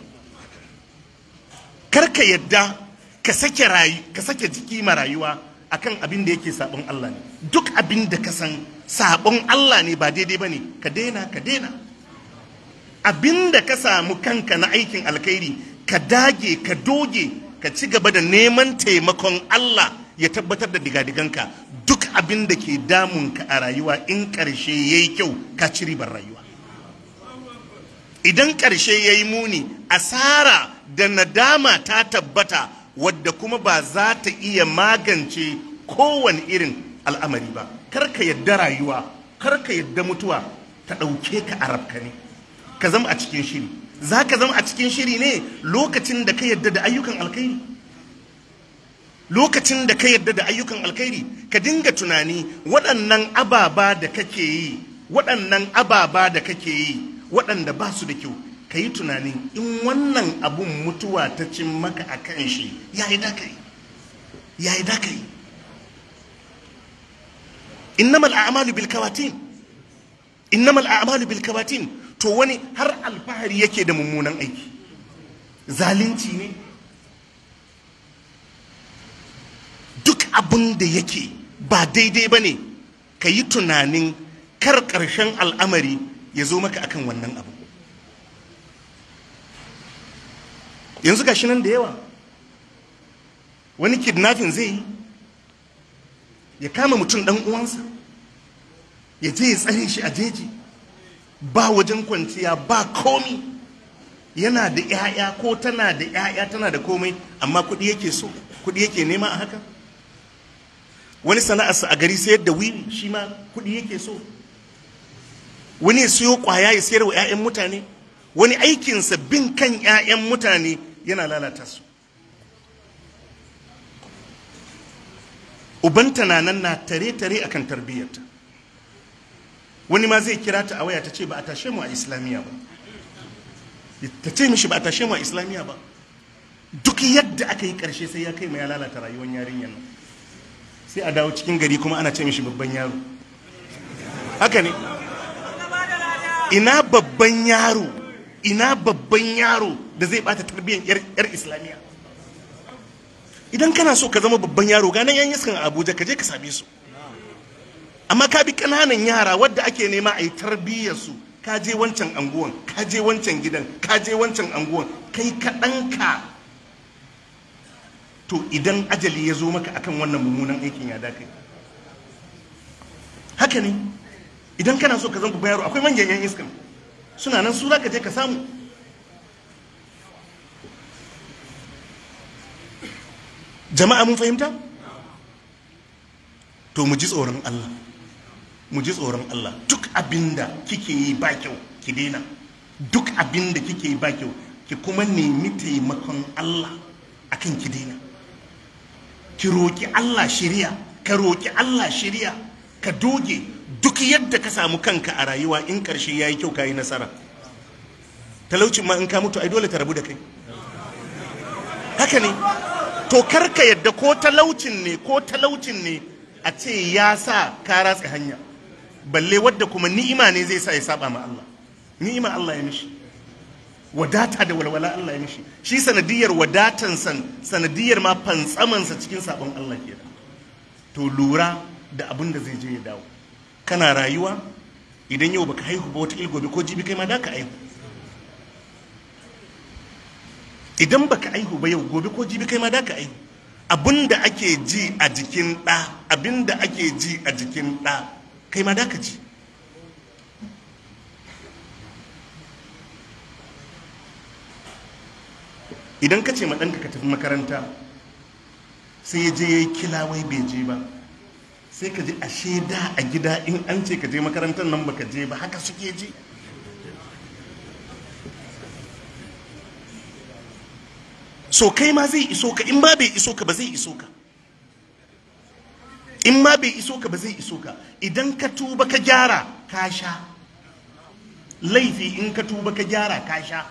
karka yadda ka sake jiki ma rayuwa a kan abin da yake sabon Allah ne duk abin da ka san sabon Allah ne ba daidai ba ne ka daina ka daina abin da ka samu kanka na aikin alkhairi ka dage ka doge ka ci gaba da neman taimakon Allah ya tabbatar da digadiganka duk abin da ke damun ka a rayuwa in ƙarshe ya yi kyau ka ci ribar rayuwa idan karshe ya yi muni asara da nadama ta tabbata wadda kuma ba za ta iya magance kowane irin al'amari ba karka yadda rayuwa karka yadda mutuwa ta ɗauke ka arabka ne ka zama a cikin shiri za ka zama a cikin shiri ne lokacin da ka yadda da ayyukan alkhairi lokacin da ka yarda da ayyukan alkhairi ka dinga tunani waɗannan ababa da kake yi waɗannan ababa da kake yi waɗanda ba su da kyau ka yi tunanin in wannan abun mutuwa ta cin maka a kan shi ya yi dakari ya yi dakari innamal a'malu bil kawatin innamal a'malu bil kawatin to wani har alfahari yake da mummunan aiki zalunci ne abin da yake ba daidai ba ne ka yi tunanin kar ƙarshen al'amari ya zo maka akan wannan abu yanzu gashi nan da yawa wani kidnafin zai yi ya kama mutum ɗan uwansa ya je ya tsare shi a jeji ba wajen kwanciya ba komi yana da 'ya'ya ko tana da 'ya'ya tana da komai amma kuɗi yake so kuɗi yake nema a haka wani sana'arsa a gari sayar da wiwi shi ma kuɗi yake so wani ya siyo kwaya ya sayar wa 'ya'yan mutane wani aikinsa bin kan 'ya'yan mutane yana lalata su uban na nan na tare-tare a kan tarbiyyarta wani ma zai kira ta a waya ta ce ba a tashe mu a islamiyya ba ta ce mishi ba a tashe mu a islamiyya ba duk yadda aka yi karshe sai ya kai ma ya lalata rayuwar yarinyar nan sai a dawo cikin gari kuma ana ce mishi babban yaro haka ne ina babban yaro ina babban yaro da zai bata tarbiyyar yar islamiyya idan kana so ka zama babban yaro ganin yan yaskan abuja ka je ka same su amma ka bi kananan yara wadda ake nema a yi tarbiyyar su ka je wancan anguwan ka je wancan gidan ka je wancan anguwan kai kaɗanka to idan ajali ya zo maka akan wannan mummunan aikin ya da haka ne idan kana so ka zama babban yaro akwai manyan yan iskan suna nan su ka je ka samu jama'a mun fahimta to mu ji tsoron Allah mu ji tsoron Allah duk abinda kike yi ba kyau ki daina duk abinda kike yi ba kyau ki kuma nemi taimakon Allah akan ki daina ki roƙi Allah shirya ka roƙi Allah shirya ka doge duk yadda ka samu kanka a rayuwa in ƙarshe yayi kyau kayi nasara talaucin ma in ka mutu ai dole ta rabu da kai haka ne to karka yadda ko talaucin ne ko talaucin ne a ce ya sa ka ratsa hanya balle wadda kuma ni'ima ne zai sa ya saba ma Allah ni'ima Allah ya mishi wadata da walwala Allah ya mishi shi sanadiyar wadatan san sanadiyar ma fantsamansa cikin sabon Allah kenan to lura da abin da zai je ya dawo kana rayuwa idan yau baka haihu ba wata gobe ko jibi kai ma da ka haihu idan baka haihu ba yau gobe ko jibi kai ma da ka haihu da ake ji a jikin abin da ake ji a jikin ɗa kai ma da ka ji idan ka ce ma ɗanka ka tafi makaranta sai ya je ya yi kilawai bai je ba sai ka je a shaida a gida in an ce ka je makarantar nan baka je ba haka suke ji so kai ma zai iso ka in ma bai iso ka ba zai iso ka in ma bai iso ka ba zai iso ka idan ka tuba ka gyara ka sha laifi in ka tuba ka gyara ka sha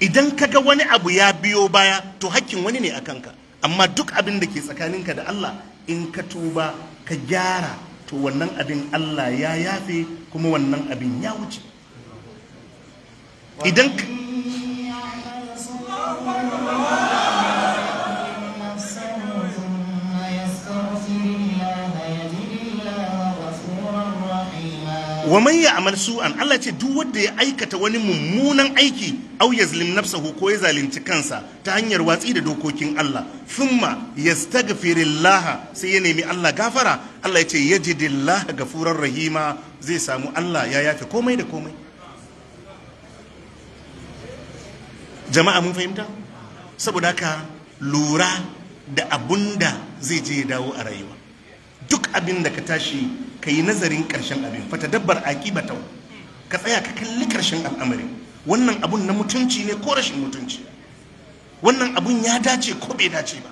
idan ka ga wani abu ya biyo baya to hakkin wani ne a kanka amma duk abin da ke tsakaninka da Allah in ka tuba ka gyara to wannan abin Allah ya yafe kuma wannan abin ya wuce idan ka wa man ya'mal su'an Allah ce duk wanda ya aikata wani mummunan aiki aw yazlim nafsahu ko ya zalunci kansa ta hanyar watsi da dokokin Allah thumma yastaghfirullah sai ya nemi Allah gafara Allah ya ce yajidillah gafurar rahima zai samu Allah ya yafe komai da komai jama'a mun fahimta saboda haka lura da abunda zai je ya dawo a rayuwa duk abin da ka tashi ka yi nazarin ƙarshen abin fata dabbar ba aƙibata ka tsaya ka kalli ƙarshen al'amari wannan abun na mutunci ne ko rashin mutunci wannan abun ya dace ko bai dace ba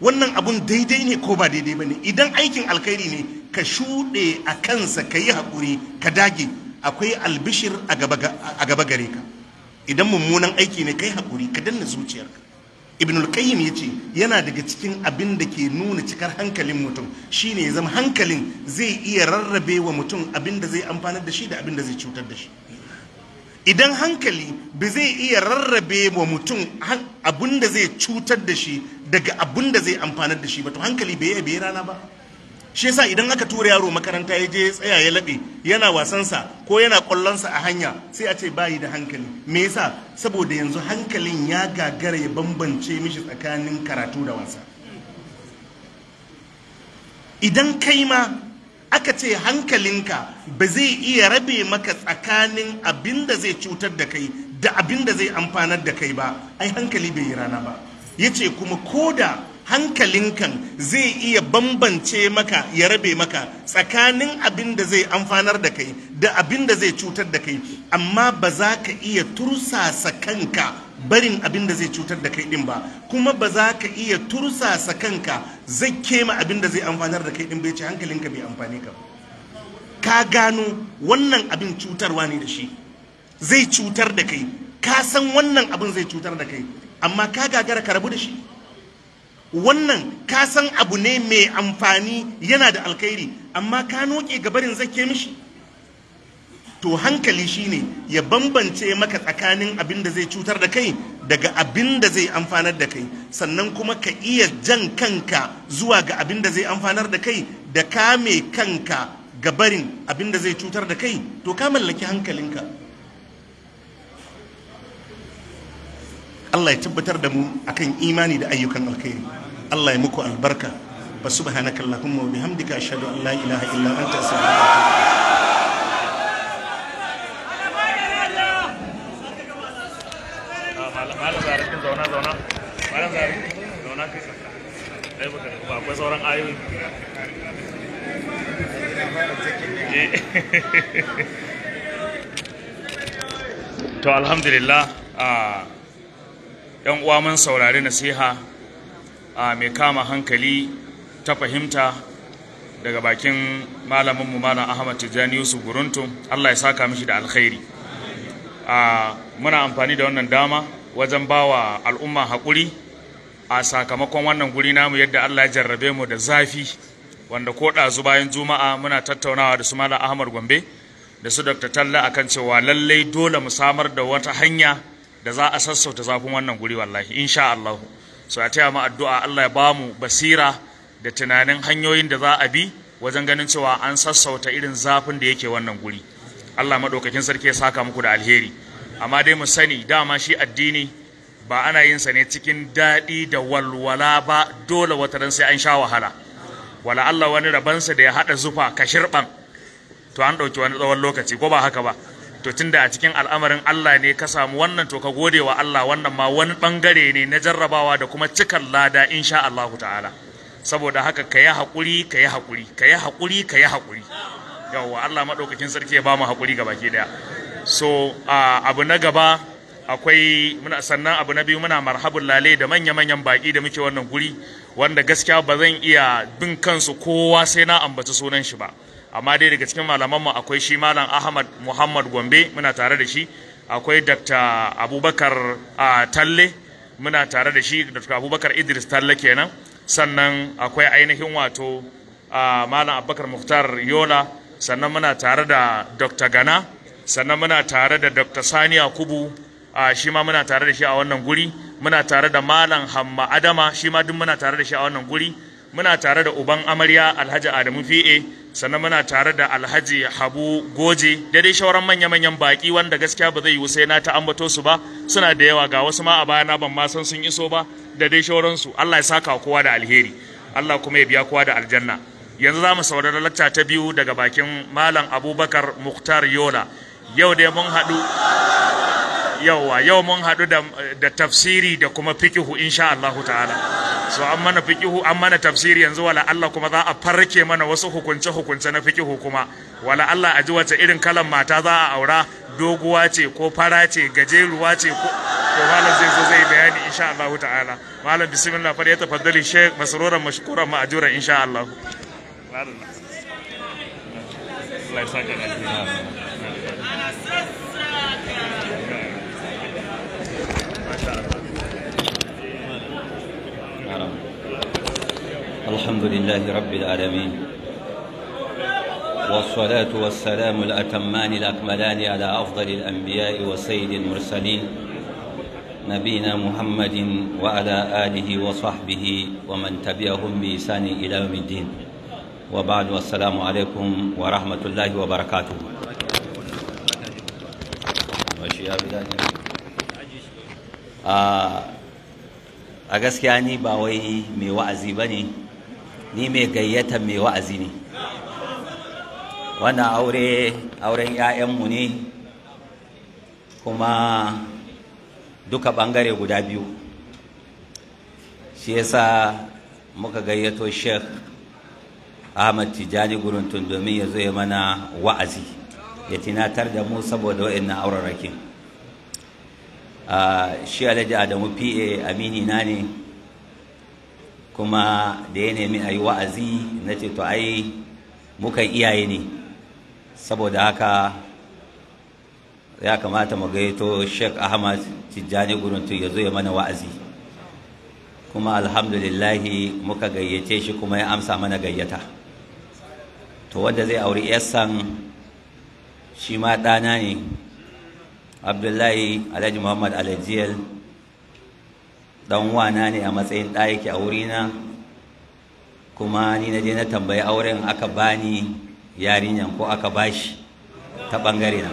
wannan abun daidai ne ko ba daidai ba ne idan aikin alkhairi ne ka shuɗe a kansa ka yi haƙuri ka dage akwai albishir a gaba gare ka idan mummunan aiki ne ka yi haƙuri ka danna zuciyarka ibnul qayyim yace yana daga cikin abin da ke nuna cikar hankalin mutum shine ya zama hankalin zai iya rarrabe wa mutum abin da zai amfanar da shi da abin da zai cutar da shi idan hankali ba zai iya rarrabe wa mutum abin da zai cutar da shi daga abin da zai amfanar da shi ba to hankali bai yi rana ba shi yasa idan aka tura yaro makaranta ya je tsaya ya laɓe yana wasansa ko yana ƙwallonsa a hanya sai a ce bayi da hankali me yasa saboda yanzu hankalin ya gagara ya bambance mishi tsakanin karatu da wasa idan kai ma aka ce hankalinka ba zai iya rabe maka tsakanin abin da zai cutar da kai da abin da zai amfanar da kai ba ai hankali bai yi rana ba yace kuma ko da. hankalinkan zai iya bambance maka ya rabe maka tsakanin abin da zai amfanar da kai da abin da zai cutar da kai amma ba za ka iya tursasa kanka barin abin da zai cutar da kai din ba kuma ba za ka iya tursasa kanka zai kema abin da zai amfanar da kai din bai ce hankalinka bai amfani ka ka gano wannan abin cutarwa ne da shi zai cutar da kai ka san wannan abin zai cutar da kai amma ka gagara ka rabu da shi wannan ka san abu ne mai amfani yana da alkhairi amma ka noke gabarin zake mishi to hankali shine ya bambance maka tsakanin abin da zai cutar da kai daga abin da zai amfanar da kai sannan kuma ka iya jan kanka zuwa ga abin da zai amfanar da kai da kame kanka gabarin abin da zai cutar da kai to ka mallaki hankalinka Allah ya tabbatar da mu akan imani da ayyukan alkhairi Allah ya muku albarka fa subhanaka allahumma wa bihamdika ashhadu an la ilaha illa anta astaghfiruka wa atubu ilaik to alhamdulillah ah, yan uwa mun saurari nasiha a mai kama hankali ta fahimta daga bakin malamin mu malam Ahmad Tijani Yusuf Guruntu Allah ya saka mishi da alkhairi a muna amfani da wannan dama wajen bawa al'umma haƙuri a sakamakon wannan guri namu yadda Allah ya jarrabe mu da zafi wanda ko ɗazu bayan juma'a muna tattaunawa da su malam Ahmad Gombe da su Dr. Talla akan cewa lallai dole mu samar da wata hanya da za a sassauta zafin wannan guri wallahi insha Allah so a taya mu addu'a Allah ya bamu basira da tunanin hanyoyin da za a bi wajen ganin cewa an sassauta irin zafin da yake wannan guri Allah madaukakin sarki ya saka muku da alheri amma dai mu sani dama shi addini ba ana yin sa ne cikin daɗi da walwala ba dole wataran sai an sha wahala wala Allah wani rabansa da ya haɗa zufa ka shirɓan to an ɗauki wani tsawon lokaci ko ba haka ba to tunda a cikin al'amarin Allah ne ka samu wannan to ka gode wa Allah wannan ma wani bangare ne na jarrabawa da kuma cikar lada insha Allah ta'ala saboda haka ka yi haƙuri ka yi haƙuri ka yi haƙuri ka yi haƙuri yawwa Allah maɗaukakin sarki ya ba mu haƙuri ga baki daya so abu na gaba akwai sannan abu na biyu muna marhabun lalai da manya-manyan baki da muke wannan guri wanda gaskiya ba zan iya bin kansu kowa sai na ambaci sunan shi ba amma dai daga cikin malamanmu akwai shi malam ahmad muhammad gombe muna tare da shi akwai dr abubakar talle muna tare da shi dr abubakar idris talle kenan sannan akwai ainihin wato malam abubakar muhtar yola sannan muna tare da dr gana sannan muna tare da dr saniya kubu shi ma muna tare da shi a wannan guri muna tare da malam hamma adama shi ma duk muna tare da shi a wannan guri muna tare da uban amarya alhaji adamu fi'e sannan muna tare da alhaji habu goje da dai shauran manya-manyan baki wanda gaskiya ba zai yi sai na ta ambato su ba suna da yawa ga wasu ma a na ban ma san sun iso ba da dai shauransu allah ya saka kowa da alheri allah kuma ya biya kowa da aljanna yanzu za mu saurari lacca ta biyu daga bakin malam abubakar muktar yola yau dai mun haɗu yauwa yau mun haɗu da tafsiri da kuma fikihu insha Allah ta'ala so an mana fikihu an mana tafsiri yanzu wala Allah kuma za a farke mana wasu hukunce hukunce na fikihu kuma wala Allah a ji wace irin kalan mata za a aura doguwa ce ko fara ce gajeruwa ce ko malam zai zo zai bayani insha Allah ta'ala malam bismillah fa ya tafaddali sheikh masruran mashkuran ma'juran insha Allah Allah ya saka الحمد لله رب العالمين والصلاة والسلام الأتمان الأكملان على أفضل الأنبياء وسيد المرسلين نبينا محمد وعلى آله وصحبه ومن تبعهم بإحسان إلى يوم الدين وبعد والسلام عليكم ورحمة الله وبركاته Masih ya Ah, a gaskiya ni ba wai mai wa'azi ba ne ni mai gayyata mai wa'azi ne wannan aure auren 'ya'yanmu ne kuma duka ɓangare guda biyu shi yasa muka gayyato shekh ahmad tijjani guruntun domin ya zo ya mana wa'azi ya tinatar da mu saboda wa'annan aurarraki. shi alhaji adamu pa amini na ne kuma da ya nemi a yi wa'azi na ce to ai mukan iyaye ne saboda haka ya kamata mu gaito sheik ahmad tijjani guruntu ya zo ya mana wa'azi kuma alhamdulillahi muka gayyace shi kuma ya amsa mana gayyata to wanda zai auri 'yarsan shi ma ɗana ne abdullahi alhaji muhammad alajiyar ɗan wana ne a matsayin ke a wurina kuma ni na je na tambayi auren aka bani yarinyan ko aka ba shi ta ɓangare na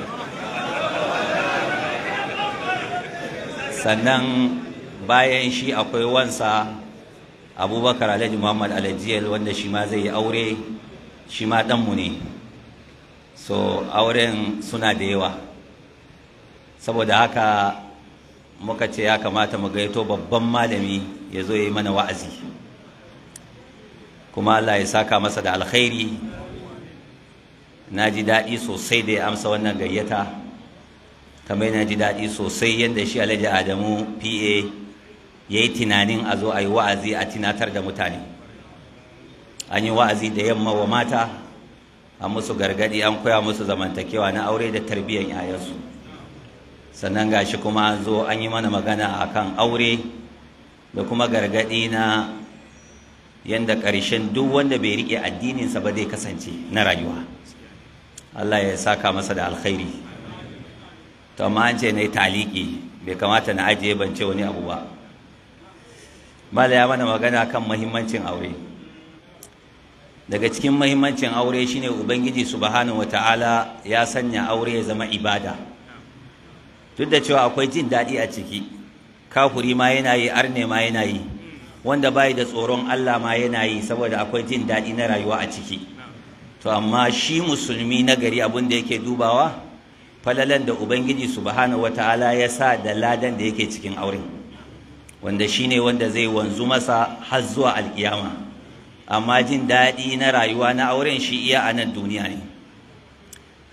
sannan bayan shi akwai wansa abubakar alhaji muhammad alajiyar wanda shi ma zai yi aure shi ma ɗanmu ne so auren suna da yawa saboda haka muka ce ya kamata mu gaito babban malami ya zo ya yi mana wa'azi kuma Allah ya saka masa da alkhairi na ji daɗi sosai da ya amsa wannan gayyata kamar na ji daɗi sosai yadda shi alhaji adamu pa ya yi tunanin a zo a yi wa'azi a tunatar da mutane an yi wa'azi da yamma wa mata a musu gargadi an koya musu zamantakewa na aure da tarbiyyar yayansu sannan gashi kuma an zo an yi mana magana akan aure da kuma gargadi na yanda ƙarshen duk wanda bai riƙe addininsa ba zai kasance na rayuwa Allah ya saka masa da alkhairi to amma an ce na yi taliki bai kamata na ajiye ban ce wani abu ba mala ya mana magana kan mahimmancin aure daga cikin mahimmancin aure shine ubangiji subhanahu wataala ya sanya aure ya zama ibada duk da cewa akwai jin daɗi a ciki kafuri ma yana yi arne ma yana yi wanda bai da tsoron Allah ma yana yi saboda akwai jin daɗi na rayuwa a ciki to amma shi musulmi na gari abin da yake dubawa falalan da ubangiji subhanahu wataala ya sa da ladan da yake cikin aure wanda shine wanda zai wanzu masa har zuwa alkiyama amma jin daɗi na rayuwa na auren shi iya a nan duniya ne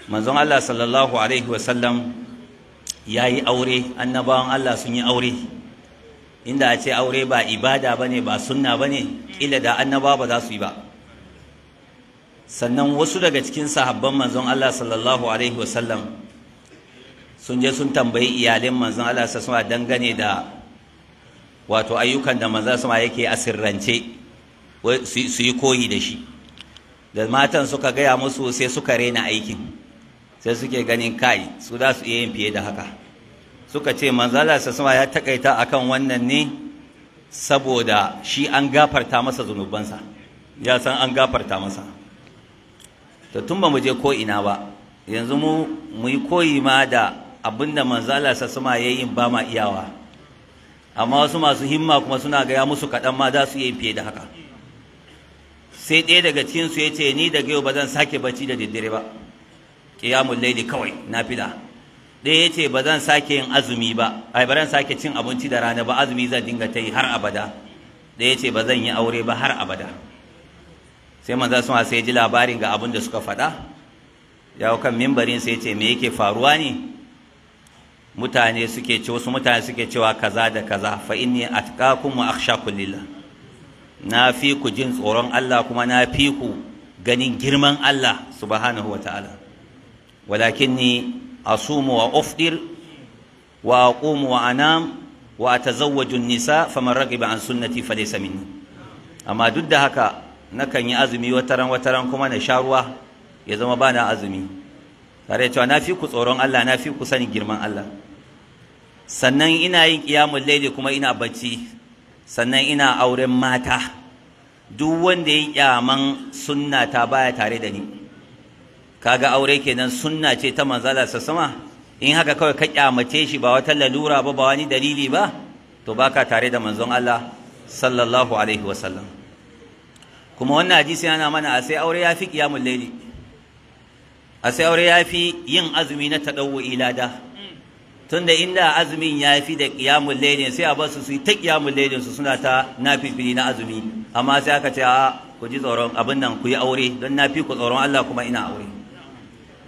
manzon Allah sallallahu alaihi wasallam ya yi aure annabawan Allah sun yi aure inda a ce aure ba ibada ba ne ba sunna ba ne ƙila da annaba ba za su yi ba sannan wasu daga cikin sahabban manzon Allah sallallahu alaihi wasallam sun je sun tambayi iyalin manzon Allah sallallahu alaihi wasallam dangane da wato ayyukan da manzon Allah yake asirrance su yi koyi da shi da matan suka gaya musu sai suka rena aikin sai suke ganin kai su za su iya yin fiye da haka suka ce manzala sassama ya takaita akan wannan ne saboda shi an gafarta masa zunubansa ya san an gafarta masa to tun ba mu je ko ba yanzu mu mu yi koyi ma da abin da manzala sassama ya yi ba ma iyawa amma wasu masu himma kuma suna gaya musu kaɗan ma za su iya yin fiye da haka sai ɗaya daga cikinsu su ce, ni daga yau ba zan sake bacci da daddare ba qiyamul layli kawai nafila ɗaya ya ce ba zan sake yin azumi ba ai ba zan sake cin abinci da rana ba azumi zan dinga ta yi har abada ɗaya ya ce ba zan yi aure ba har abada sai manzo sun sai ji labarin ga abin da suka faɗa ya kan mimbarin sai ce me yake faruwa ne mutane suke ce wasu mutane suke cewa kaza da kaza fa inni atqakum wa akhshakum lillah na fi ku jin tsoron Allah kuma na fi ku ganin girman Allah subhanahu wa ta'ala walakinni asumu wa ufdir wa aqumu wa anam wa atazawwaju nisa faman ragiba an sunnati falaysa minni amma duk da haka na kan yi azumi wataran wataran kuma na sha ruwa ya zama bana azumi tare cewa na fi ku tsoron Allah na fi ku sanin girman Allah sannan ina yin qiyamul laili kuma ina bacci sannan ina auren mata duk wanda ya kyaman sunna ta baya tare da ni kaga aure kenan sunna ce ta manzala sa sama in haka kawai ka kyamace shi ba wata lalura ba ba wani dalili ba to baka tare da manzon Allah sallallahu alaihi wasallam kuma wannan hadisi yana mana a sai aure ya fi qiyamul layli a sai aure ya fi yin azumi na tadawwu ilada tunda inda azumin ya fi da kiyamun layl sai a basu su yi ta kiyamun layl su suna ta nafifili na azumi amma sai aka ce a ku ji tsoron abin nan ku yi aure don na fi ku tsoron Allah kuma ina aure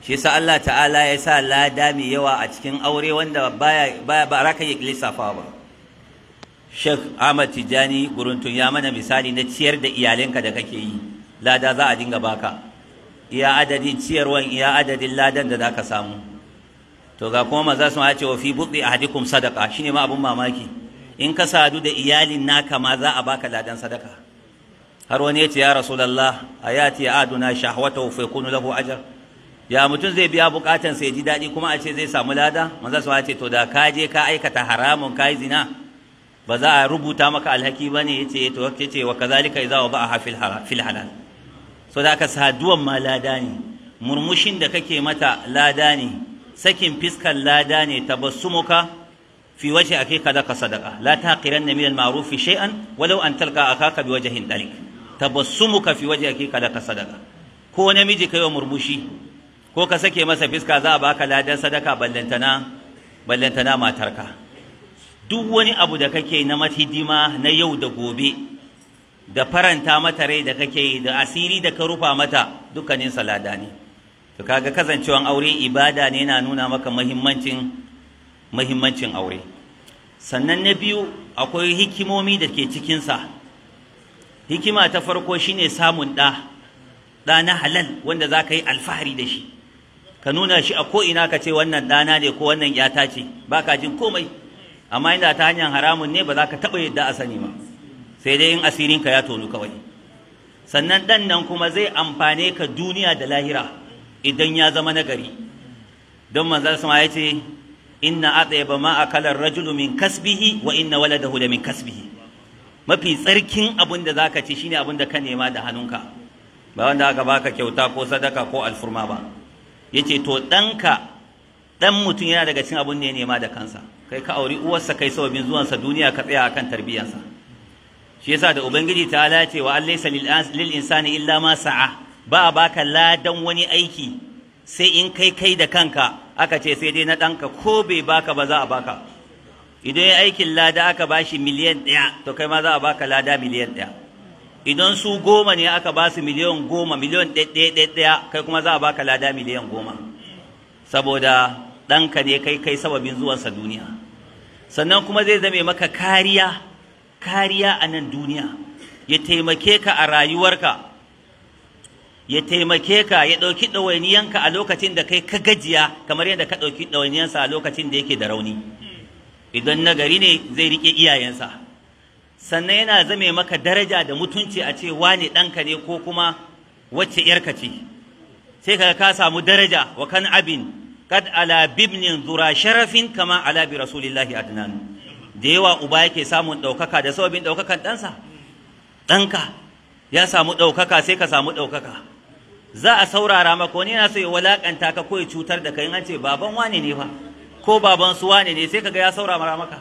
shi sa Allah ta'ala ya sa lada mai yawa a cikin aure wanda baya ba raka yi lissafa ba Sheikh Ahmad Tijani guruntun ya mana misali na ciyar da iyalinka da kake yi lada za a dinga baka iya adadin ciyarwan iya adadin ladan da zaka samu to ga kuma maza sun ce wa fi buɗe a hadikum sadaka shine ma abun mamaki in ka sadu da iyalin naka ma za a baka ladan sadaka har wani ya ce ya rasulallah a ya aduna shahwata fa yakunu lahu ajr ya mutum zai biya bukatan sai ji daɗi kuma a ce zai samu lada maza sun ce to da ka je ka aikata haramun ka yi zina ba za a rubuta maka alhaki ba ne yace to yace wa kazalika idza ba a fil halal so da ka saduwan ma lada ne murmushin da kake mata lada ne sakin fiskar lada ne tabassumuka fi waje ake kada ka sadaka la taqiranna min al-ma'ruf shay'an walau an talqa akaka bi wajhin dalik tabassumuka fi waje ake kada ka sadaka ko namiji kai wa murmushi ko ka sake masa fiska za a baka ladan sadaka ballantana ballantana matarka duk wani abu da kake na matidima na yau da gobe da faranta mata rai da kake da asiri da ka rufa mata dukkanin salada ne to kaga kasancewan aure ibada ne yana nuna maka mahimmancin mahimmancin aure sannan na biyu akwai hikimomi da ke cikinsa hikima ta farko shine samun ɗa ɗa na halal wanda za ka yi alfahari da shi ka nuna shi a ko'ina ka ce wannan ɗana ne ko wannan yata ce ba ka jin komai amma inda ta hanyar haramun ne ba za ka taɓa yadda a sani ba sai dai in asirinka ya tonu kawai sannan ɗan nan kuma zai amfane ka duniya da lahira idan ya zama nagari don manzal sama ya ce inna atsayaba ma akalar rajulu min kasbihi wa inna waladahu da min kasbihi mafi tsarkin abin da zaka ci shine abin da ka nema da hannunka ba wanda aka baka kyauta ko sadaka ko alfurma ba yace to ɗanka ɗan mutum yana daga cikin abin da ya nema da kansa kai ka auri uwarsa kai sababin zuwansa duniya ka tsaya akan tarbiyyarsa shi yasa da ubangiji ta ce wa allaisa lil insani illa ma sa'a ba a baka ladan wani aiki sai in kai kai da kanka aka ce sai dai na ɗanka ko bai baka ba za a baka idan ya aikin lada aka bashi miliyan ɗaya to kai ma za a baka lada miliyan ɗaya idan su goma ne aka ba su miliyan goma miliyan ɗaya kai kuma za a baka lada miliyan goma saboda ɗanka ne kai kai sababin zuwansa duniya sannan kuma zai zame maka kariya kariya a nan duniya ya taimake ka a rayuwarka ya taimake ka ya ɗauki ɗawainiyanka a lokacin da kai ka gajiya kamar yadda ka ɗauki ɗawainiyansa a lokacin da yake da rauni idan nagari ne zai riƙe iyayensa sannan yana zame maka daraja da mutunci a ce wane ɗanka ne ko kuma wacce ‘yarka ce sai ka ka samu daraja wa kan abin kad ala bibnin zura sharafin kama ala bi rasulillahi adnan da yawa uba yake samun ɗaukaka da sababin ɗaukakan ɗansa ɗanka ya samu ɗaukaka sai ka samu ɗaukaka za a saurara maka wani yana so ya walakanta ka ko ya cutar da kai an ce baban wane ne fa ko baban su wane ne sai kaga ya saurara maka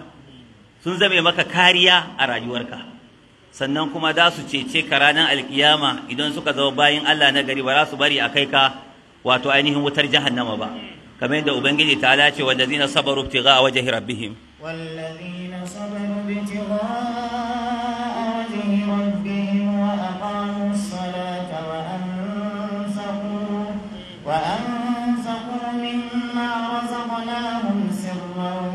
sun zame maka kariya a rayuwarka sannan kuma za su cece ka ranar alkiyama idan suka zama bayin Allah na gari ba za su bari a kai ka wato ainihin wutar jahannama ba kamar yadda ubangiji ta ce wallazina sabaru ibtigha wajhi rabbihim wallazina sabaru ibtigha وأنفقوا مما رزقناهم سرا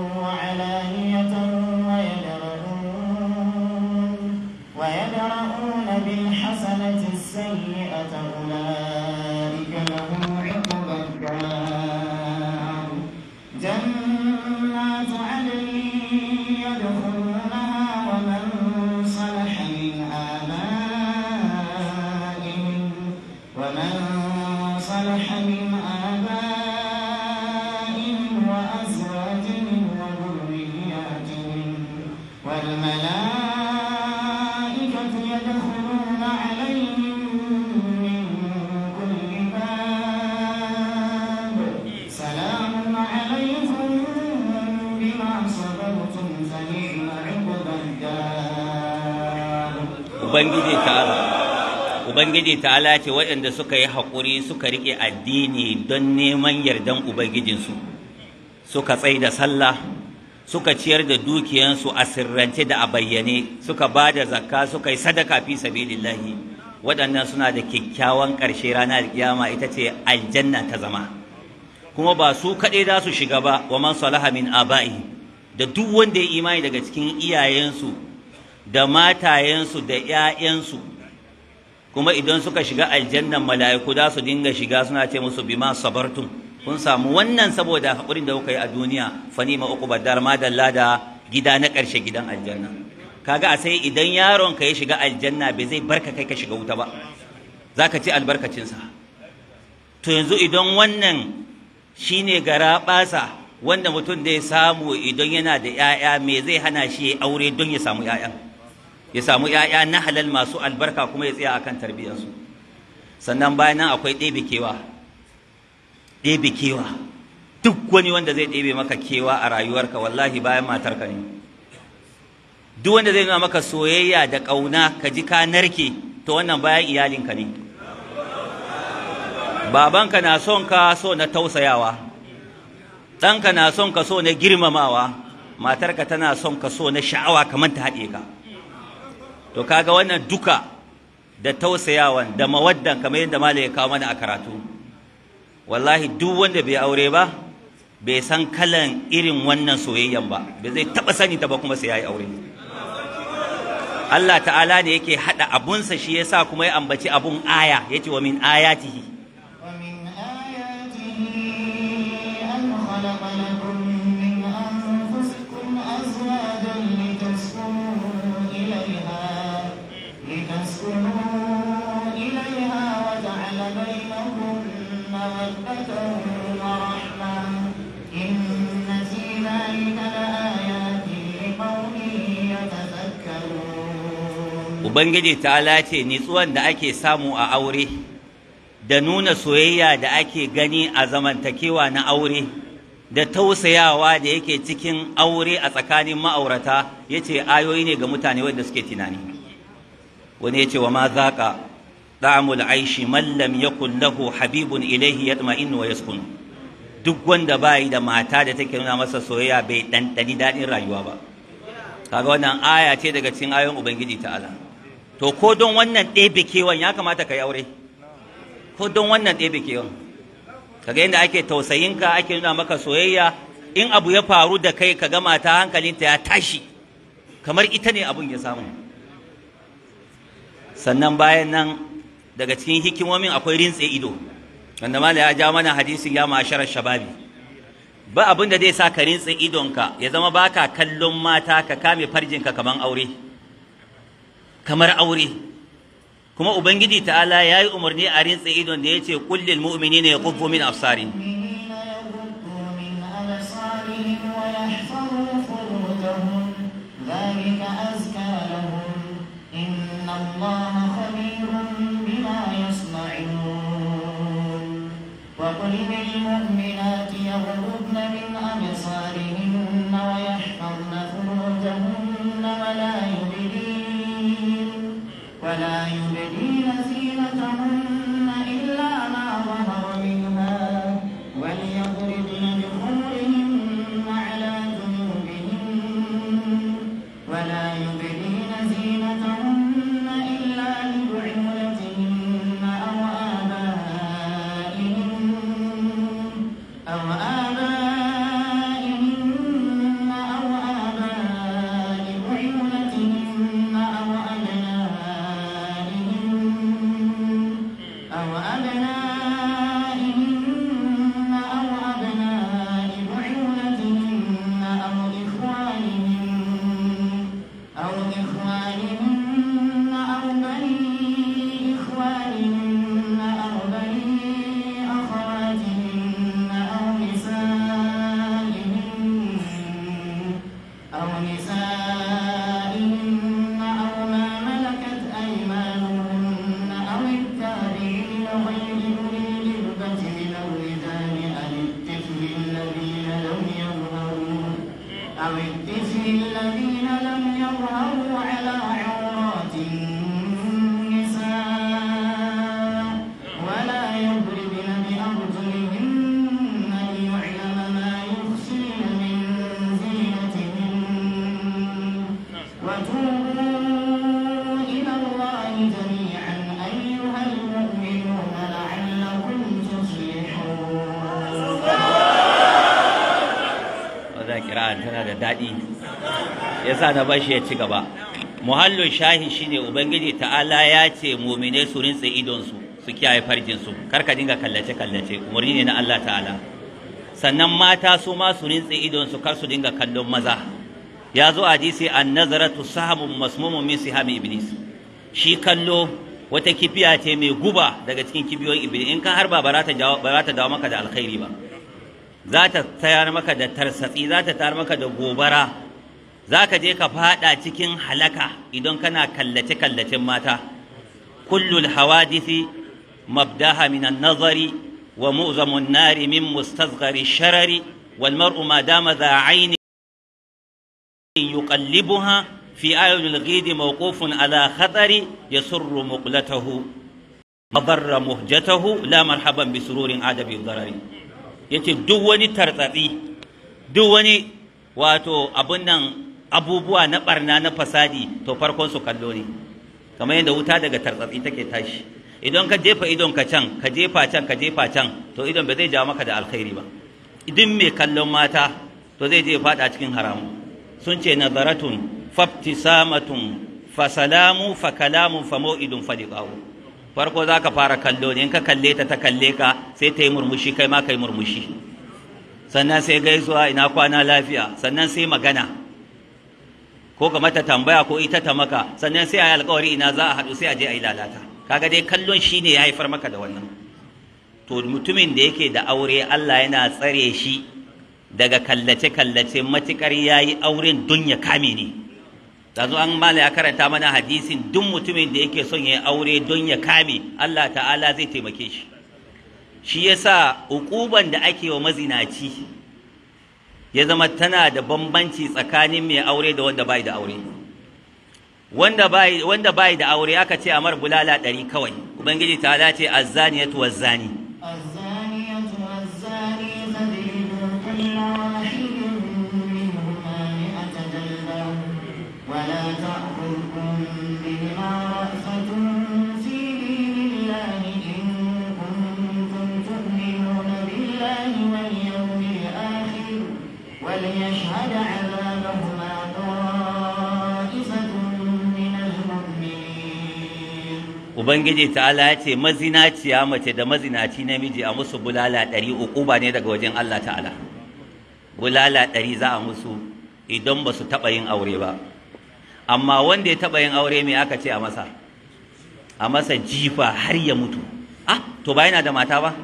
عليهم آبائهم وأزواجهم وذرياتهم والملائكة يدخلون عليهم من كل باب سلام عليكم بما صبرتم الدار ubangiji ta ce waɗanda suka yi haƙuri suka riƙe addini don neman yardan ubangijinsu suka tsai da sallah suka ciyar da dukiyansu a sirrance da a bayyane suka ba da zakka suka yi sadaka fi sabilillahi waɗannan suna da kyakkyawan ƙarshe ranar kiyama ita ce aljanna ta zama kuma ba su kaɗai za su shiga ba wa man salaha min aba'i da duk wanda ya imani daga cikin iyayensu da matayensu da 'ya'yansu kuma idan suka shiga aljannan mala'iku za su dinga shiga suna ce musu bima sabartum kun samu wannan saboda haƙurin da kuka yi a duniya fanima uku badar ma da da gida na ƙarshe gidan aljanna kaga a sai idan yaron ka ya shiga aljanna bai zai barka kai ka shiga wuta ba zaka ci albarkacinsa to yanzu idan wannan shine gara wanda mutum da ya samu idan yana da 'ya'ya me zai hana shi ya aure don ya samu 'ya'yan ya samu ‘ya'ya na halal masu albarka kuma ya tsaya akan tarbiyyarsu sannan bayan nan akwai ɗebe kewa ɗebe kewa duk wani wanda zai ɗebe maka kewa a rayuwarka wallahi bayan matarka ne duk wanda zai nuna maka soyayya da ƙauna ka ji ka narke to wannan bayan iyalinka ne babanka na son ka so na tausayawa ɗanka na son ka so na girmamawa matarka tana son ka so na sha'awa kamar ta haɗe ka to kaga wannan duka da tausayawa da mawaddan kamar yadda malai ya kawo mana a karatu wallahi duk wanda bai aure ba bai san kalan irin wannan soyayyan ba bai zai taba sani ta ba kuma sai yayi aure Allah ta'ala ne yake hada abunsa shi yasa kuma ya ambaci abun aya yace wa min ayatihi ubangiji ta ce nitsuwan da ake samu a aure da nuna soyayya da ake gani a zamantakewa na aure da tausayawa da yake cikin aure a tsakanin ma'aurata ya ce ayoyi ne ga mutane wanda suke tunani wani ya ce wa ma zaƙa ɗamul aishi mallam ya kullahu habibun ilaihi ya ya sukunu duk wanda ba yi da mata da take nuna masa soyayya bai ɗanɗani daɗin rayuwa ba kaga wannan aya ce daga cikin ayoyin ubangiji ta'ala to ko don wannan ɗebe kewan ya kamata ka yi aure ko don wannan ɗebe kewan kaga yadda ake tausayinka ake nuna maka soyayya in abu ya faru da kai ka gama ta hankalinta ya tashi kamar ita ne abun ya samu sannan bayan nan daga cikin hikimomin akwai rintse ido wanda mala ya ja mana hadisin ya ma'asharar shababi ba abin da zai sa ka rintse idonka ya zama baka kallon mata ka kame farjinka kamar aure kamar aure kuma ubangiji ta'ala ya yi umarni a rintsa idon da ya ce kullil mu'mini ne ya kuffo min afsari وقل للمؤمنات يغضبن من أبصارهن ويحفظن فروجهن ولا فلا يبدين زينتهن yasa na bashi ya ci gaba muhallin shahi shine ubangiji ta'ala ya ce mu'mine su rintse idon su su kiyaye farjin su kar ka dinga kallace kallace umarni ne na Allah ta'ala sannan mata su ma su rintse idon su kar su dinga kallon maza ya zo a sai an nazaratu sahamun masmumun min sihami iblis shi kallo wata kifiya ce mai guba daga cikin kibiyoyin iblis in ka harba ba za ta dawo maka da alkhairi ba za ta tayar maka da tarsatsi za ta tayar maka da gobara za ka je ka fada cikin halaka idan kana kallace-kallacen mata kullul hawadisi mabdaha minan nazari wa mu'zamun nari min mustazghari sharari wal mar'u ma dama za aini yuqallibuha fi ayunil ghidi mawqufun ala khatari yasurru muqlatahu madarra muhjatahu la marhaban bi sururin adabi darari yace duk wani tartsatsi duk wani wato abun nan abubuwa na barna na fasadi to farkon su kallo ne kamar yadda wuta daga tartsatsi take tashi idan ka jefa idon ka can ka jefa can ka jefa can to idon ba zai ja maka da alkhairi ba idan mai kallon mata to zai je fada cikin haramu sun ce nazaratun fabtisamatun fasalamu fakalamun famau'idun faliqahu farko zaka fara kallo ne in ka kalle ta ta kalle ka sai ta yi murmushi kai ma kai murmushi sannan sai gaisuwa ina kwana lafiya sannan sai magana ko ka mata tambaya ko ita ta maka sannan sai a yi ina za a haɗu sai a je a yi lalata kaga dai kallon shi ne ya haifar maka da wannan to mutumin da yake da aure Allah yana tsare shi daga kallace-kallace matukar ya yi auren don ya kame ne yanzu an mala ya karanta mana hadisin duk mutumin da yake son ya yi aure don ya kame Allah ta'ala zai taimake shi shi yasa uquban da ake wa mazinaci ya zama tana da bambanci tsakanin mai aure da wanda bai da aure wanda bai wanda da aure aka ce amar bulala ɗari kawai ubangiji ta ce azzaniyatu wazzani ubangiji ta Allah ya ce mazinaciya mace da mazinaci namiji a musu bulala ɗari ba ne daga wajen Allah ta'ala bulala ɗari za a musu idan ba su taɓa yin aure ba amma wanda ya taɓa yin aure me aka ce a masa a masa jifa har ya mutu ah to ba yana da mata ba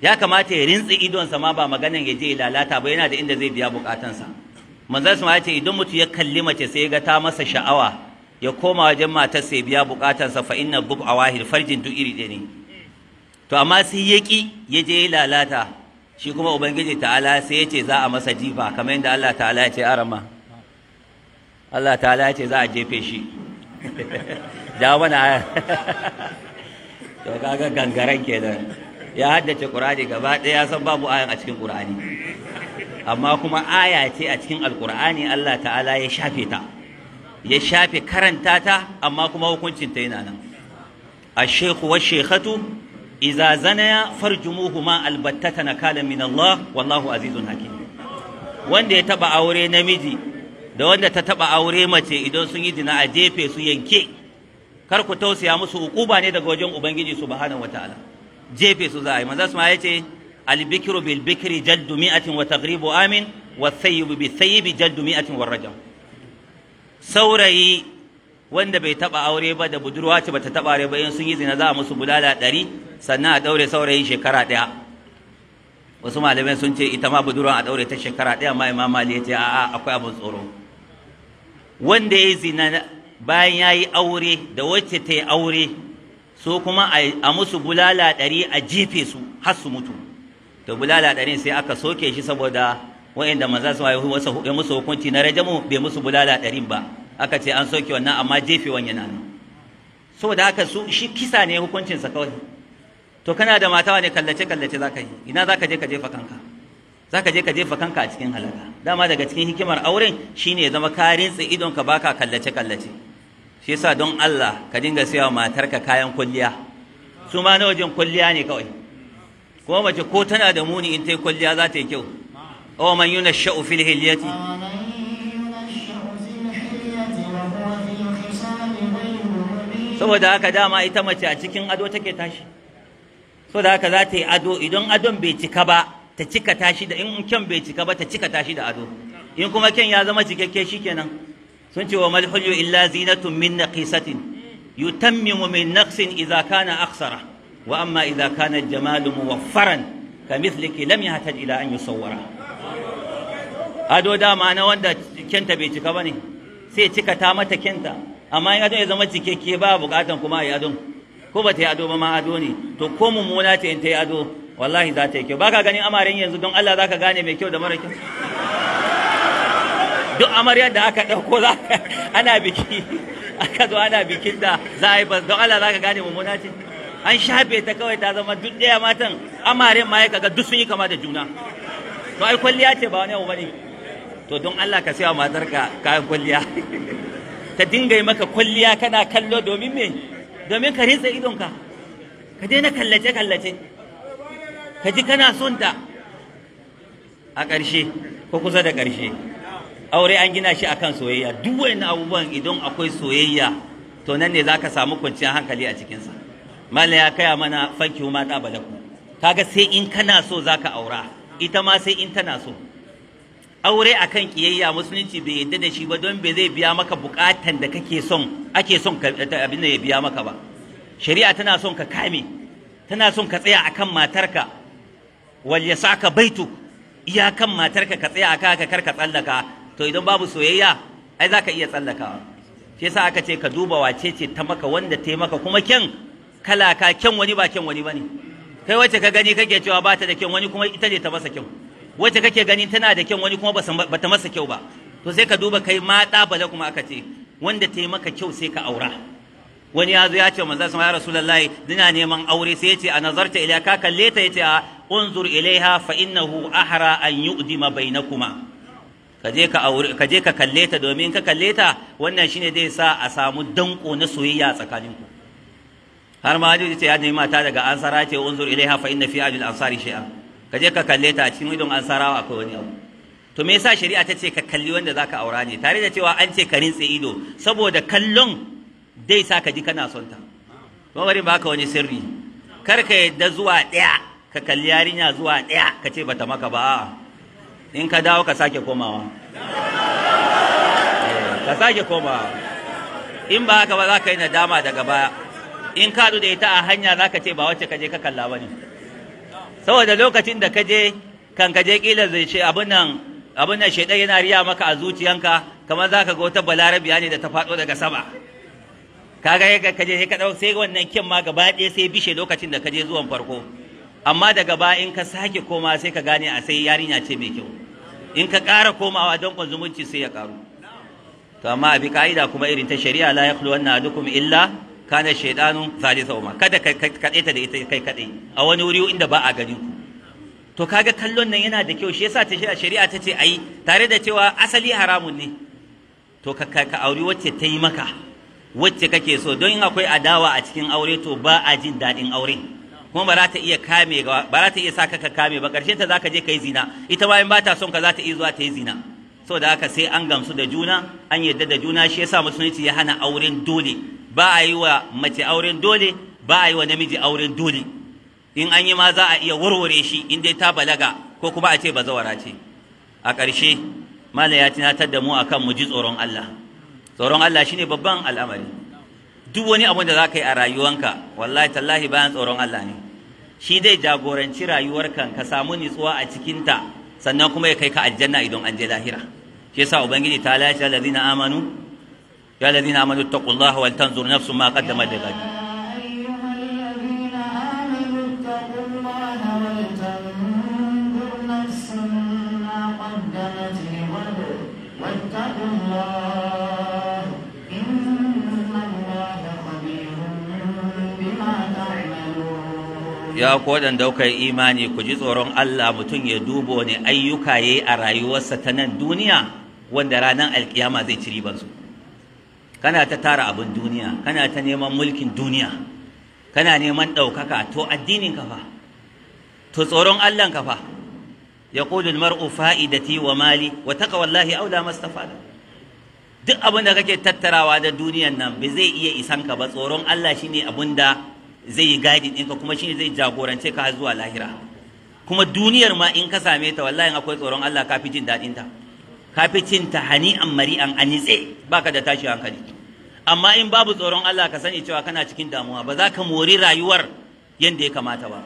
ya kamata ya rintsi idonsa ma ba maganan ya je ya lalata ba yana da inda zai biya bukatansa manzon sa ya ce idan mutu ya kalli mace sai ya ga ta masa sha'awa ya koma wajen matar sai biya bukatansa fa inna bub wahir farjin duk iri ɗaya ne to amma sai ya ki ya je lalata shi kuma ubangiji ta'ala sai ya ce za a masa jifa kamar yadda Allah ta'ala ya ce arama Allah ta'ala ya ce za a jefe shi <laughs> da mana <laughs> to kaga gangaren kenan ya haddace Qur'ani gaba ɗaya san babu ayan a cikin Qur'ani amma kuma aya ce a cikin Alƙur'ani Allah ta'ala ya shafe ta ya shafe karanta ta amma kuma hukuncin ta yana nan ash-shaykhu wash zanaya farjumuhuma albattata nakala min Allah wallahu azizun hakim wanda ya taba aure namiji da wanda ta taba aure mace idan sun yi zina a jefe su yanke kar ku tausaya musu ukuba ne daga wajen ubangiji subhanahu wataala jefe su za a yi manzo ma yace al-bikru bil bikri jaddu mi'atin wa taghribu amin wa thayyibu bi thayyibi jaddu mi'atin wa rajam saurayi wanda bai taba aure ba da budurwa ce bata taba aure ba in sun yi zina za a musu bulala ɗari sannan a ɗaure saurayin shekara ɗaya wasu malamai sun ce ita ma budurwa a ɗaure ta shekara ɗaya amma imam mali ya ce a'a akwai abin tsoro wanda ya zina bayan ya yi aure da wacce ta yi aure so kuma a musu bulala ɗari a jefe su har su mutu to bulala ɗari sai aka soke shi saboda wa'inda maza su ya musu hukunci na rajamu bai musu bulala ɗarin ba aka ce an soke wannan amma jefewan yana nan saboda haka su shi kisa ne hukuncinsa kawai to kana da mata ne kallace kallace zaka yi ina zaka je ka jefa kanka zaka je ka jefa kanka a cikin halaka dama daga cikin hikimar auren shine ya zama karin tsi idon ka baka kallace kallace shi yasa don Allah ka dinga sayawa matarka kayan kulliya su ma na wajen kulliya ne kawai kuma mace ko tana da muni in ta yi kulliya za ta yi kyau aw man sha'u fil hilyati saboda haka dama ita mace a cikin ado take tashi saboda haka za ta yi ado idan adon bai cika ba ta cika tashi da in kyan bai cika ba ta cika tashi da ado in kuma kyan ya zama cikakke shikenan sun ce wa malhulu illa zinatun min naqisatin yutammimu min naqsin idza kana aksara wa amma idza kana jamalu muwaffaran kamithlihi lam yahtaj ila an yusawwara ado dama na wanda kyanta bai cika ne, sai cika ta mata kyanta amma in adon ya zama cikakke ba bukatan kuma a adon ko ba ta yi ado ba ma ado ne to ko mummuna ta in ta yi ado wallahi za ta yi kyau baka ganin amaren yanzu don Allah za ka gane mai kyau da mara kyau duk amaryar da aka ɗauko za ana biki aka zo ana bikin da za a yi don Allah za ka gane mummuna ce an shafe ta kawai ta zama duk ɗaya matan amaren ma ya kaga duk sun yi kama da juna to ai kwalliya ce ba wani abu bane to don Allah ka sayawa matarka kayan kwalliya <laughs> Ka dinga yi maka kwalliya kana kallo domin me domin ka rinsa idonka ka daina kallace kallace ka ji kana son ta a ƙarshe ko kusa da ƙarshe aure an gina shi akan soyayya duk wani abubuwan idan akwai soyayya to nan ne zaka samu kwanciyar hankali a cikinsa mala ya kaya mana fanki mata ta balaku kaga sai in kana so zaka aura ita ma sai in tana so aure akan kiyayya musulunci bai yadda da shi ba don bai zai biya maka bukatan da kake son ake son abin da ya biya maka ba shari'a tana son ka kame tana son ka tsaya akan matarka wal yasaka baitu iya kan matarka ka tsaya aka ka tsallaka to idan babu soyayya ai zaka iya tsallaka. shi yasa aka ce ka duba wace ce ta maka wanda ta maka kuma kyan kalaka kyan wani ba kyan wani bane kai wacce ka gani kake cewa ba ta da kyan wani kuma ita ne ta masa kyan wacce kake gani tana da kyan wani kuma ba ta masa kyau ba to sai ka duba kai mata bala kuma aka ce wanda ta yi maka kyau sai ka aura wani ya zo ya ce manzo sama ya rasulullahi dina neman aure sai ya ce a nazarta ila ka kalle ta ya ce a unzur ilaiha fa innahu ahra an yu'dima bainakuma ka je ka aure ka je ka kalle ta domin ka kalle ta wannan shine zai sa a samu danko na soyayya tsakaninku har ma ya ce ya nemi mata daga ansara ce unzur ilaiha fa inna fi ajil ansari shay'a ka je ka kalle ta cikin idon an sarawa akwai wani abu to me yasa shari'a ta ce ka kalli wanda zaka aura ne tare da cewa an ce ka rintse ido saboda kallon dai sa ka ji kana son ta ba bari ba ka wani sirri kar ka yadda zuwa ɗaya ka kalli yarinya zuwa ɗaya ka ce bata maka ba in ka dawo ka sake komawa eh, ka sake komawa in ba haka ba za ka yi nadama daga baya in ka da ita a hanya za ka ce ba wacce ka je ka kalla ba ne saboda lokacin da kaje kan kaje je kila zai ce abin nan abin nan shaidan yana riya maka a zuciyanka kamar zaka ga wata balarabiya ne da ta faɗo daga sama kaga ka sai ka dau sai wannan kin ma gaba ɗaya sai bishe lokacin da kaje zuwan farko amma daga ba in ka sake koma sai ka gane a sai yarinya ce mai kyau in ka ƙara komawa don zumunci sai ya ƙaru to amma a bi ka'ida kuma irin ta shari'a la yakhlu adukum illa kana zalisa Umar. kada ka ta da ita kai kadai a wani wuri inda ba a gani ku to kaga kallon nan yana da kyau shi yasa ta shari'a ta ce ai tare da cewa asali haramun ne to ka ka auri wacce ta yi maka wacce kake so don in akwai adawa a cikin aure to ba a jin daɗin aure kuma ba za ta iya kame ba za ta iya sa ka kame ba Karshen ta za ka je ka yi zina ita ma in ba ta son ka za ta iya zuwa ta yi zina So da haka sai an gamsu da juna an yadda da juna shi yasa musulunci ya hana auren dole ba a yi wa mace auren dole ba a yi wa namiji auren dole in an yi ma za a iya warware shi in dai ta balaga ko kuma a ce ba zawara ce a ƙarshe mala ya tunatar da mu akan mu ji tsoron Allah tsoron Allah shine babban al'amari duk wani abu da za ka yi a rayuwanka wallahi tallahi bayan tsoron Allah ne shi zai jagoranci rayuwarka ka samu nitsuwa a cikinta sannan kuma ya kai ka aljanna idan an je lahira shi yasa ubangiji ta lafiya allazina amanu ya allazina amanu taqullaha wal tanzur nafsun ma qaddamat li ya ku waɗanda kuka imani ku ji tsoron Allah mutum ya dubo ne ayyuka ya yi a rayuwarsa ta nan duniya wanda ranar alkiyama zai ci su? kana ta tara abin duniya kana ta neman mulkin duniya kana neman ɗaukaka to addinin ka fa to tsoron Allah ka fa yaqulu almar'u fa'idati wa mali wa taqwallahi aula mastafada duk abin da kake tattarawa da duniyan nan bai zai iya isan ka ba tsoron Allah shine abin da zai yi gadi ɗinka kuma shine zai jagorance ka zuwa lahira kuma duniyar ma in ka same ta wallahi akwai tsoron Allah ka fi jin daɗin ta ka fi cin ta mari'an a nitse baka da tashi hankali amma in babu tsoron Allah ka sani cewa kana cikin damuwa ba za ka mori rayuwar yadda ya kamata ba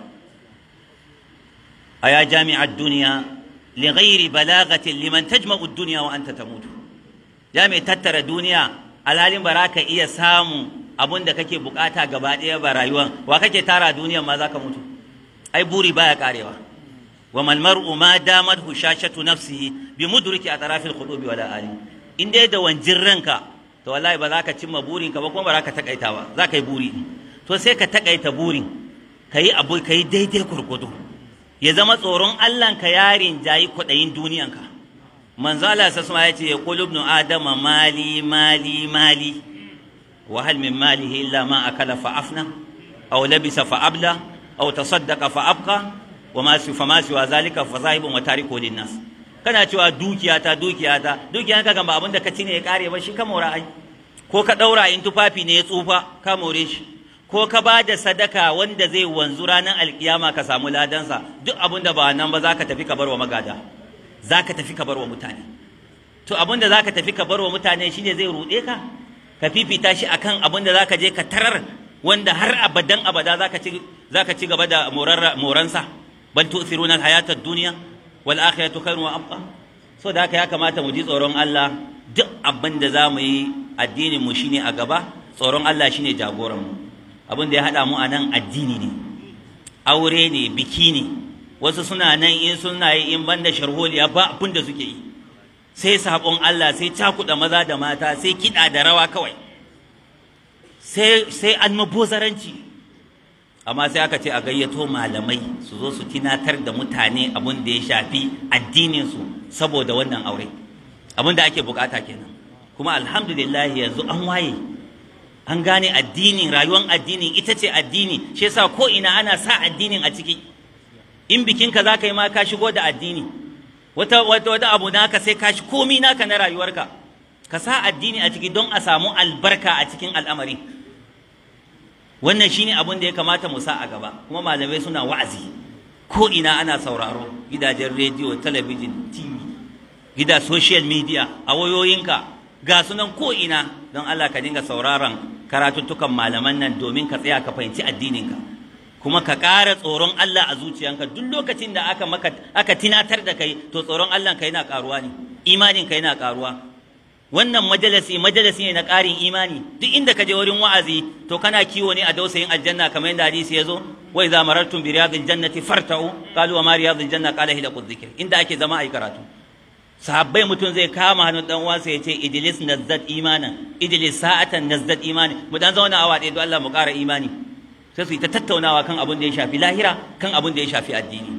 a ya jami'ar duniya lighairi balagatin liman tajma'u duniya wa anta tamutu ya mai tattara duniya alhalin ba za ka iya samu. abun da kake bukata gaba daya ba rayuwan wa kake tara duniyar ma zaka mutu ai buri baya karewa wa mal mar'u ma damat hushashatu nafsihi bi mudriki al khudubi wala ali in dai da wanjin ranka to wallahi ba zaka cimma cimma burinka ba kuma ba za ka takaita ba za yi buri to sai ka takaita burin ka yi abu ka daidai gurgudu ya zama tsoron ka yarin jayi kwaɗayin duniyanka manzo Allah sassuma ya ce ya kulubnu adama mali mali mali وهل من ماله إلا ما أكل فأفنى أو لبس فأبلى أو تصدق فأبقى وما فما سوى ذلك فصاحب وتارك للناس kana cewa dukiyata dukiyata dukiyanka kan ba abin da ka ci ya kare ba shi ka mora ai ko ka daura in tufafi ne ya tsufa ka more shi ko ka ba da sadaka wanda zai wanzu ranar alkiyama ka samu ladansa duk abinda da ba nan ba za tafi ka bar wa magada za tafi ka bar wa mutane to abin da tafi ka bar wa mutane shine zai ruɗe ka ka fifita shi akan abin da zaka je ka tarar wanda har abadan abada zaka ci zaka ci gaba da moransa bal tu'thiruna al-hayata ad-dunya wal akhiratu khairun wa abqa so da haka ya kamata mu ji tsoron Allah duk abin da zamu yi addinin mu shine a gaba tsoron Allah shine jagoran mu abin da ya hada mu anan addini ne aure ne biki ne wasu suna nan in suna yi in banda sharholiya ba abin da suke yi sai sabon Allah sai cakuɗa maza da mata sai kiɗa da rawa kawai sai sai an mabozaranci amma sai aka ce a gayyato malamai su zo su tinatar da mutane abin da ya shafi addininsu saboda wannan aure abin da ake bukata kenan kuma alhamdulillah yanzu an waye an gane addini, rayuwar addini, ita ce addini shi yasa ko ina ana sa addinin a ciki in bikinka za ka yi ma ka shigo da addini wata wata abu naka sai ka shi komi naka na rayuwarka ka sa addini a ciki don a samu albarka a cikin al'amari wannan shine abin da ya kamata mu sa a gaba kuma malamai suna wa'azi ko ina ana sauraro gidajen rediyo talabijin tv gida social media a wayoyinka ga sunan ko ina don Allah ka dinga sauraron karatuttukan malaman nan domin ka tsaya ka fahimci addininka kuma ka ƙara tsoron Allah a zuciyanka duk lokacin da aka maka aka tinatar da kai to tsoron Allah ka yana ƙaruwa ne imanin ka yana wannan majalisi majalisi ne na ƙarin imani duk inda ka je wurin wa'azi to kana kiwo ne a dausayin aljanna kamar yadda hadisi ya zo wai za marartum bi riyadil jannati farta'u qalu wa ma riyadil janna qala hiya dhikr inda ake zama ai karatu sahabbai mutum zai kama hannun dan uwansa ya ce idlis nazzat imanan idlis sa'atan nazzat imanan mu dan zauna awa ɗaya don Allah mu ƙara imani sai su yi ta tattaunawa kan abin da ya shafi lahira kan abin da ya shafi addini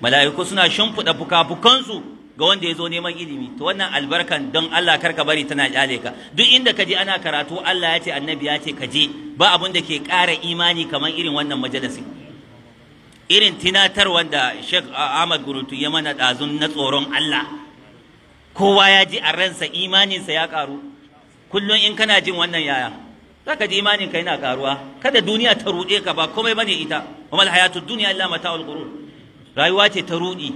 mala'iku suna shimfiɗa fukafukansu ga wanda ya zo neman ilimi to wannan albarkan don Allah karka bari tana kyale ka duk inda ka je ana karatu Allah ya ce annabi ya ce ka je ba abin da ke ƙara imani kamar irin wannan majalisi irin tinatar wanda Sheikh Ahmad Gurutu ya mana ɗazun na tsoron Allah kowa ya ji a ransa imaninsa ya ƙaru kullum in kana jin wannan yaya za ka ji imanin ka yana karuwa kada duniya ta ruɗe ka ba komai bane ita wa mal hayatud dunya illa mata'ul ghurur rayuwa ce ta ruɗi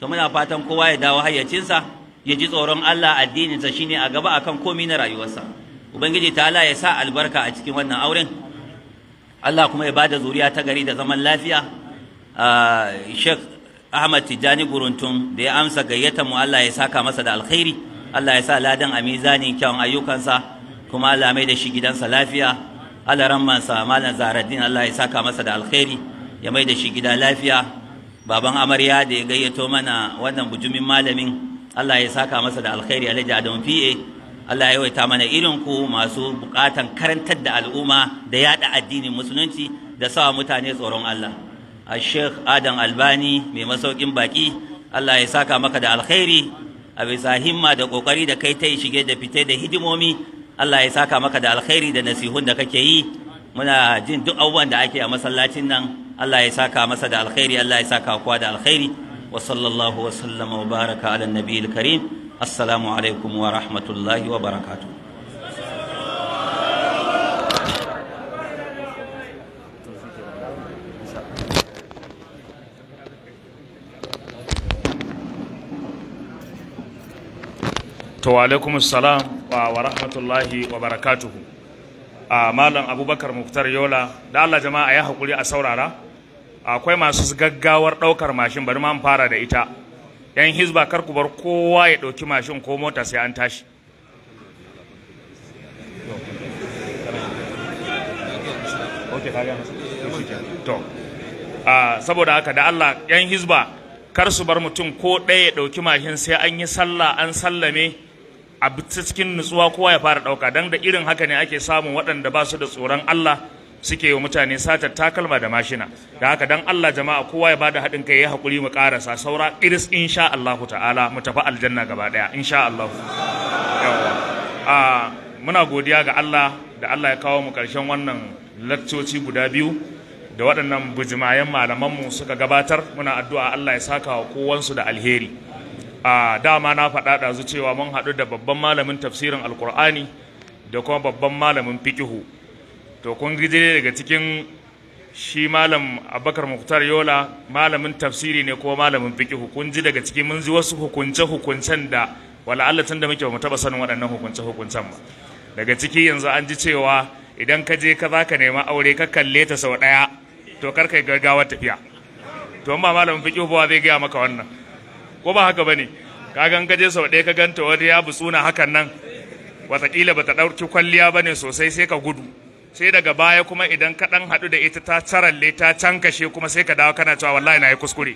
to muna fatan kowa ya dawo hayyacinsa ya ji tsoron Allah addinin shi shine a gaba akan komai na rayuwarsa ubangiji Allah ya sa albarka a cikin wannan auren Allah kuma ya bada zuriya ta gari da zaman lafiya ah, Sheikh Ahmad Tijjani Guruntun da ya amsa gayyatar mu Allah ya saka masa da alkhairi Allah ya sa ladan a mizanin kyawun ayyukansa kuma Allah mai da shi gidansa lafiya Allah rammansa malam Zaharuddin Allah ya saka masa da alkhairi ya mai da shi gida lafiya baban amarya da ya gayyato mana wannan bujumin malamin Allah ya saka masa da alkhairi alhaji Adamu Fi'a. Allah ya yawaita mana irin ku masu bukatan karantar da al'umma da yada addinin musulunci da sawa mutane tsoron Allah a Sheikh Adam Albani mai masaukin baki Allah ya saka maka da alkhairi a bisa himma da kokari da kai ta yi shige da fite da hidimomi Allah ya saka maka da alkhairi da nasihun da kake yi muna jin duk abubuwan da ake a masallacin nan Allah ya saka masa da alkhairi Allah ya saka kowa da alkhairi wa sallallahu wa sallama wa baraka ala nabiyil karim assalamu alaikum wa rahmatullahi wa barakatuh to alaikum salam wa rahmatullahi wa barakatuhu a malam abubakar muftar yola da allah jama'a ya hakuri a saurara akwai masu gaggawar ɗaukar mashin bari ma fara da ita yan hizba kar ku bar kowa ya ɗauki mashin ko mota sai an tashi to saboda haka da allah yan hizba kar su bar mutum ko ɗaya ya ɗauki mashin sai an yi sallah an sallame a cikin nutsuwa kowa ya fara ɗauka don da irin haka ne ake samun waɗanda ba su da tsoron Allah suke yi mutane sata takalma da mashina da haka don Allah jama'a kowa ya bada haɗin kai ya haƙuri mu ƙarasa saura iris insha Allah ta'ala mu tafi aljanna gaba ɗaya insha Allah muna godiya ga Allah da Allah ya kawo mu ƙarshen wannan lakcoci guda biyu da waɗannan bujimayen malamanmu suka gabatar muna addu'a Allah ya saka wa kowansu da alheri a dama na faɗa ɗazu cewa mun haɗu da babban malamin tafsirin alkur'ani da kuma babban malamin fikihu to kun gije daga cikin shi malam abakar muktar yola malamin tafsiri ne ko malamin fikihu kun ji daga cikin mun ji wasu hukunce hukuncen da wala Allah tun da muke mu taba sanin waɗannan hukunce hukuncen ba daga ciki yanzu an ji cewa idan ka je ka zaka nema aure ka kalle ta sau ɗaya to kar kai gargawar tafiya to amma malamin fikihu ba zai gaya maka wannan ko ba haka bane ka ka je sau ɗaya ka ganta wani ya busuna hakan nan ba bata ɗauki kwalliya bane sosai sai ka gudu sai daga baya kuma idan ka ɗan haɗu da ita ta caralle ta cankashe kuma sai ka dawo kana cewa wallahi na yi kuskure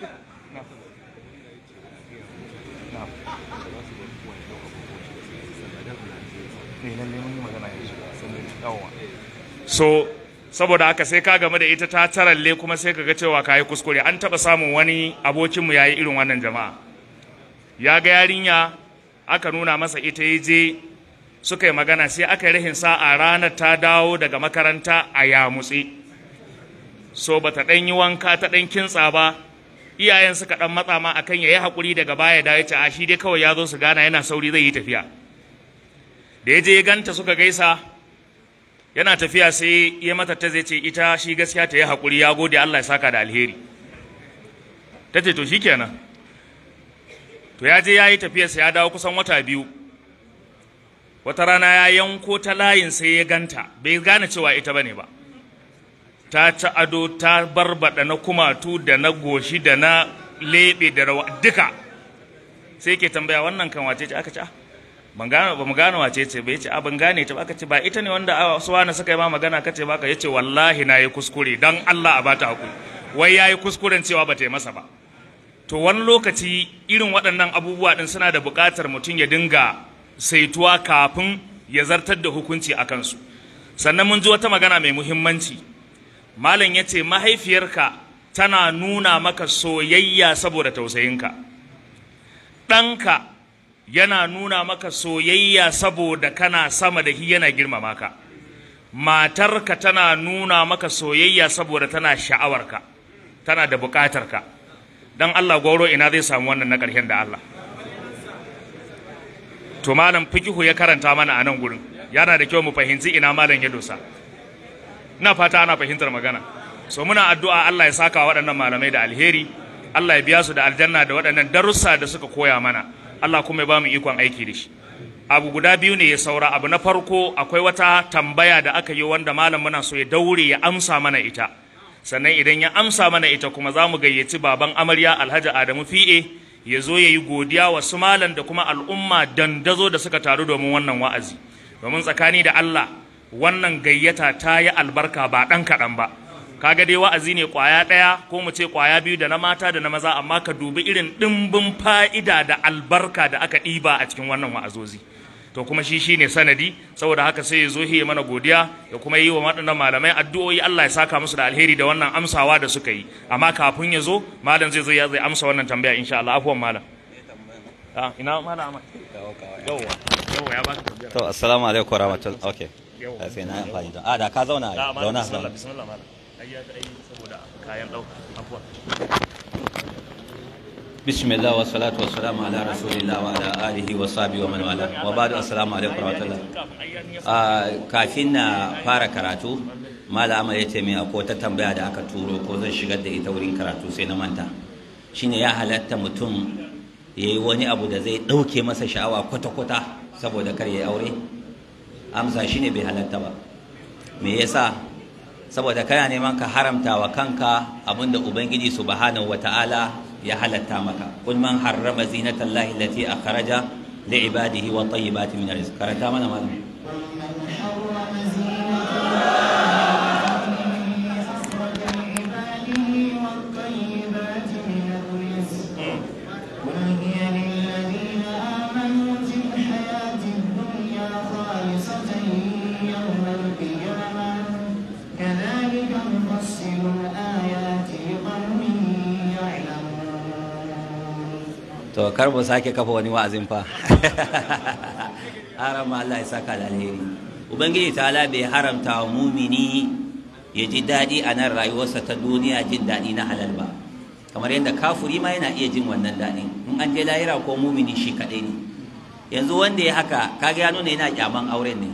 so saboda haka sai ka game da ita ta taralle kuma sai ka ga cewa ka yi kuskure an taɓa samun wani abokinmu ya yi irin wannan jama'a ya ga yarinya aka nuna masa ita ya je suka yi magana sai aka yi rahin a ranar ta dawo daga makaranta a yamutse so ba ta ɗan yi wanka ta ɗan kintsa ba iyayen suka ɗan matsa ma akan ya yi haƙuri daga baya da ya ce a shi dai kawai ya zo su gana yana sauri zai yi tafiya da ya je ya ganta suka gaisa yana tafiya sai ya mata ta zai ce ita shi gaskiya ta yi haƙuri ya gode Allah ya saka da alheri ta ce to kenan. to ya je ya yi tafiyarsa ya dawo kusan wata biyu wata rana ya yanko ta layin sai ya ganta bai gane cewa ita bane ba ta ci ado ta barbada na kumatu da na goshi da na lebe da rawa duka sai ke tambaya wannan kan wace ce aka ci ah, ban gane ba mu gane wace ce bai ce abin ah, ban gane ta ba aka ce ba ita ne wanda su wani suka yi ma magana kace ba ka yace wallahi na yi kuskure don Allah a bata hakuri wai yi kuskuren cewa ba ta yi masa ba to wani lokaci irin waɗannan abubuwa ɗin suna da buƙatar mutum ya dinga saituwa kafin ya zartar da hukunci a kansu sannan mun ji wata magana mai muhimmanci malam ya ce mahaifiyarka tana nuna maka soyayya saboda tausayinka ɗanka yana nuna maka soyayya saboda kana sama da yana girmama ka matarka tana nuna maka soyayya saboda tana sha'awarka tana da buƙatarka dan Allah goro ina zai samu wannan na ƙarshen da Allah to malam fikihu ya karanta mana a nan gurin yana da kyau mu fahimci ina malam ya dosa ina fata ana fahimtar magana so muna addu'a Allah ya saka waɗannan malamai da alheri Allah ya biya su da aljanna da waɗannan darussa da suka koya mana Allah kuma ya bamu ikon aiki da shi abu guda biyu ne ya saura abu na farko akwai wata tambaya da aka yi wanda malam muna so ya daure ya amsa mana ita sannan idan ya amsa mana ita kuma za mu gayyaci baban amarya alhaji adamu fi'e ya zo ya yi godiya wa su malam da kuma al'umma dandazo da suka taru domin wannan wa'azi domin tsakani da allah wannan gayyata ta yi albarka ba ɗan kaɗan ba kaga dai wa'azi ne kwaya ɗaya ko mu ce kwaya biyu da na mata da na maza amma ka dubi irin ɗimbin fa'ida da albarka da aka ɗiba a cikin wannan wa'azozi to kuma shi shine sanadi saboda haka sai ya zo ya mana godiya ya kuma yi wa waɗannan malamai addu'o'i Allah ya saka musu da alheri da wannan amsawa da suka yi amma kafin ya zo malam zai zo ya zai amsa wannan tambaya insha Allah afwan malam ah, بسم الله والصلاة والسلام على رسول الله وعلى آله وصحبه ومن والاه وبعد السلام عليكم ورحمة الله kafin na fara karatu malama ya ce min ko ta tambaya da aka turo ko zan shigar da ita wurin karatu sai na manta shine ya halatta mutum ya yi wani abu da zai ɗauke masa sha'awa kwata-kwata saboda kar ya aure amsa shine bai halatta ba me yasa saboda kana neman ka haramta wa kanka abunda ubangiji subhanahu wata'ala ya halatta maka kul man harrama zinatallahi lati akhraja li ibadihi wa tayyibati min rizq karanta mana malam to kar mu sake kafa wani wa'azin fa <laughs> haram Allah ya saka da alheri ubangiji ta ta'ala bai haramta wa mumini ya ji daɗi a nan rayuwarsa ta duniya jin daɗi na halal ba kamar yadda kafuri ma yana iya jin wannan daɗin in an je lahira ko mumini shi kaɗai ne yanzu wanda ya haka kaga ya nuna yana kyaman auren ne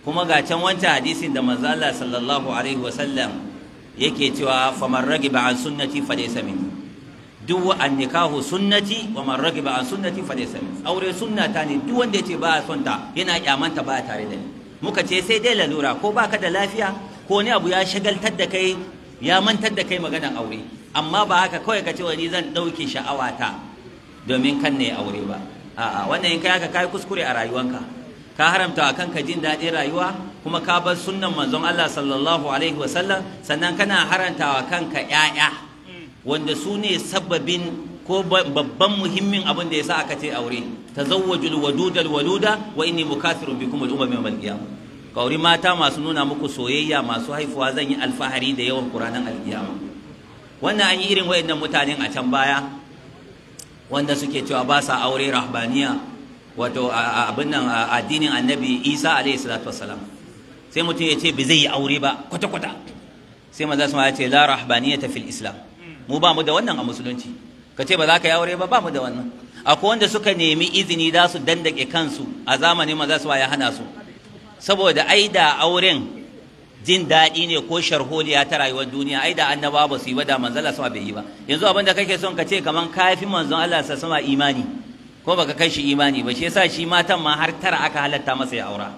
kuma ga can wancan hadisin da manzo Allah sallallahu alaihi wasallam yake cewa faman ragiba an sunnati laysa min duk wa an nikahu sunnati wa man ragiba an sunnati fa laysa aure sunnata ne duk wanda yace ba son ta yana kyamanta ba tare da ni muka ce sai dai lalura ko baka da lafiya ko ne abu ya shagaltar da kai ya mantar da kai maganar aure amma ba haka kawai ka ce wani zan ɗauke sha'awata domin kan ne aure ba a'a wannan in kai haka kai kuskure a rayuwanka ka haramta wa kanka jin daɗin rayuwa kuma ka bar sunnan manzon Allah sallallahu alaihi wasallam sannan kana haramta wa kanka ƴaƴa wanda su ne sababin ko babban muhimmin abin da ya sa aka ce aure tazawwajul wadudal waluda wa inni mukathirun bikum al umam yawmal kauri mata masu nuna muku soyayya masu haifuwa zan yi alfahari da yawan qur'anin al wannan an yi irin wayannan mutanen a can baya wanda suke cewa ba sa aure rahbaniya wato abin nan addinin annabi Isa alaihi salatu wassalam sai mutum ya ce bai zai yi aure ba kwata kwata sai maza su ma ya ce la rahbaniyata fil islam mu ba mu da wannan a musulunci ka ce ba za ka yi aure ba ba mu da wannan akwai wanda suka nemi izini za su dandake kansu a zamanin maza su ya hana su saboda ai da auren jin daɗi ne ko sharholiya ta rayuwar duniya ai da annaba ba su yi ba da manzon Allah sama bai yi ba yanzu abin da kake son ka ce kaman kafi manzon Allah sa sama imani ko baka kai shi imani ba shi yasa shi matan ma har tara aka halatta masa ya aura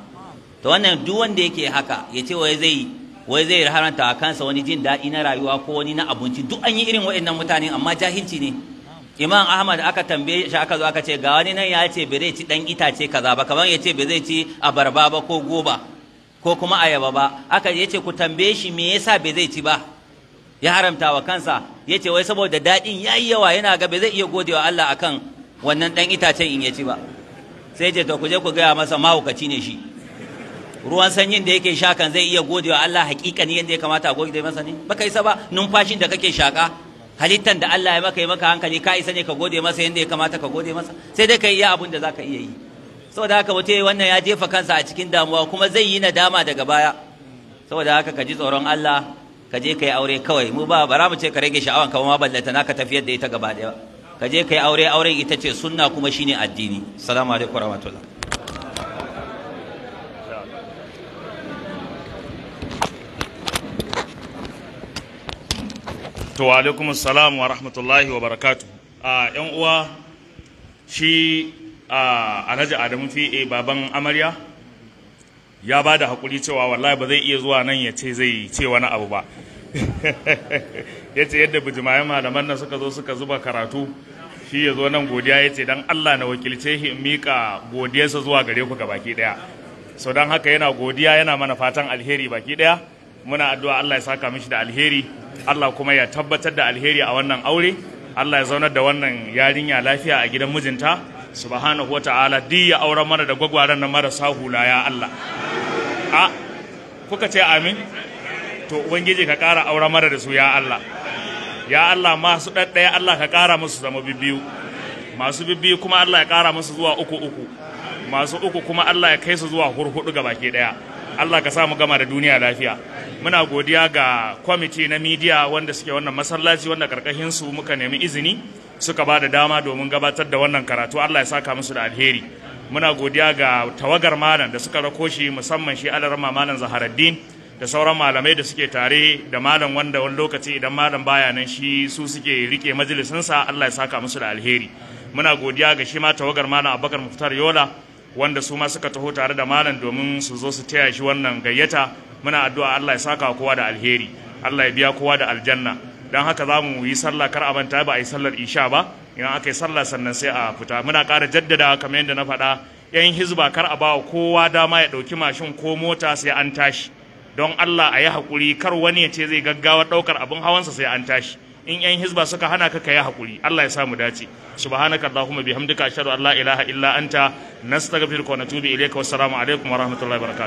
to wannan duk wanda yake haka ya ce wai zai wai zai haranta a kansa wani jin daɗi na rayuwa ko wani na abinci duk an yi irin waɗannan mutane amma jahilci ne imam ahmad aka tambaye shi aka zo aka ce ga wani nan ya ce bai zai ci ɗan itace kaza ba kamar ya ce bai zai ci abarba ba ko goba ko kuma ayaba ba aka ya ce ku tambaye shi me yasa bai zai ci ba ya haramta wa kansa ya ce wai saboda daɗin ya yi yawa yana ga bai zai iya gode wa Allah akan wannan dan itacen in ya ci ba sai ce to ku je ku gaya masa mahaukaci ne shi ruwan sanyin da yake sha kan zai iya godewa Allah hakikani yadda ya kamata a gode masa ne baka isa ba numfashin da kake shaka halittan da Allah ya maka yi maka hankali ka isa ne ka gode masa yadda ya kamata ka gode masa sai dai ka iya abin da zaka iya yi saboda haka wato wannan ya jefa kansa a cikin damuwa kuma zai yi nadama daga baya saboda haka ka ji tsoron Allah ka je ka yi aure kawai mu ba bara mu ce ka rage sha'awan ka ma ballata naka tafiyar da ita gaba daya ka je kai yi aure auren ita ce sunna kuma shine addini assalamu alaikum warahmatullahi to alaikum salam wa rahmatullahi wa barakatu a yan uwa shi alhaji adamu fi'e baban amarya ya ba da haƙuri cewa wallahi ba zai iya zuwa nan ya ce zai ce wani abu ba <laughs> ya ce yadda bijimayen malaman nan suka zo suka zuba karatu shi ya zo nan godiya ya ce don allah na wakilce shi in miƙa godiyarsa zuwa gare ku baki ɗaya sau don haka yana godiya yana mana fatan alheri baki ɗaya muna addu'a allah ya saka mishi da alheri Allah kuma ya tabbatar da alheri a wannan aure Allah ya zaunar da wannan yarinya lafiya a gidan mijinta subhanahu ta'ala di ya auren mana da gwagwaran nan marasa hula ya Allah a kuka ce amin to ubangiji ka ƙara auren mana da su ya Allah ya Allah masu ɗaɗɗaya Allah ka ƙara musu zama bibbiyu masu bibbiyu kuma Allah ya ƙara musu zuwa uku uku masu uku kuma Allah ya kai su zuwa hurhudu ga baki ɗaya Allah ka sa mu gama da duniya lafiya muna godiya ga kwamiti na midiya wanda suke wannan masallaci wanda karkashin su muka nemi izini suka ba da dama domin gabatar da wannan karatu Allah ya saka musu da alheri muna godiya ga tawagar malam da suka rako shi musamman shi alarma malam zaharaddin da sauran malamai da suke tare da malam wanda wani lokaci idan malam baya nan shi su suke rike majalisinsa Allah ya saka musu da alheri muna godiya ga shi ma tawagar malam abubakar muftar yola wanda su ma suka taho tare da malam domin su zo su taya shi wannan gayyata muna addu'a Allah ya saka kowa da alheri Allah ya biya kowa da aljanna don haka za mu yi sallah kar a manta ba a yi sallar isha ba idan aka yi sallah sannan sai a fita muna ƙara jaddada kamar yadda na faɗa yan hizba kar a ba kowa dama ya ɗauki mashin ko mota sai an tashi don Allah a yi haƙuri kar wani ya ce zai gaggawa ɗaukar abin hawansa sai an tashi in yan hizba suka hana ka ka yi haƙuri Allah ya samu dace subhanaka allahumma bihamdika ashhadu an la ilaha illa anta nastaghfiruka wa natubu ilayka wassalamu alaikum wa rahmatullahi wa barakatuh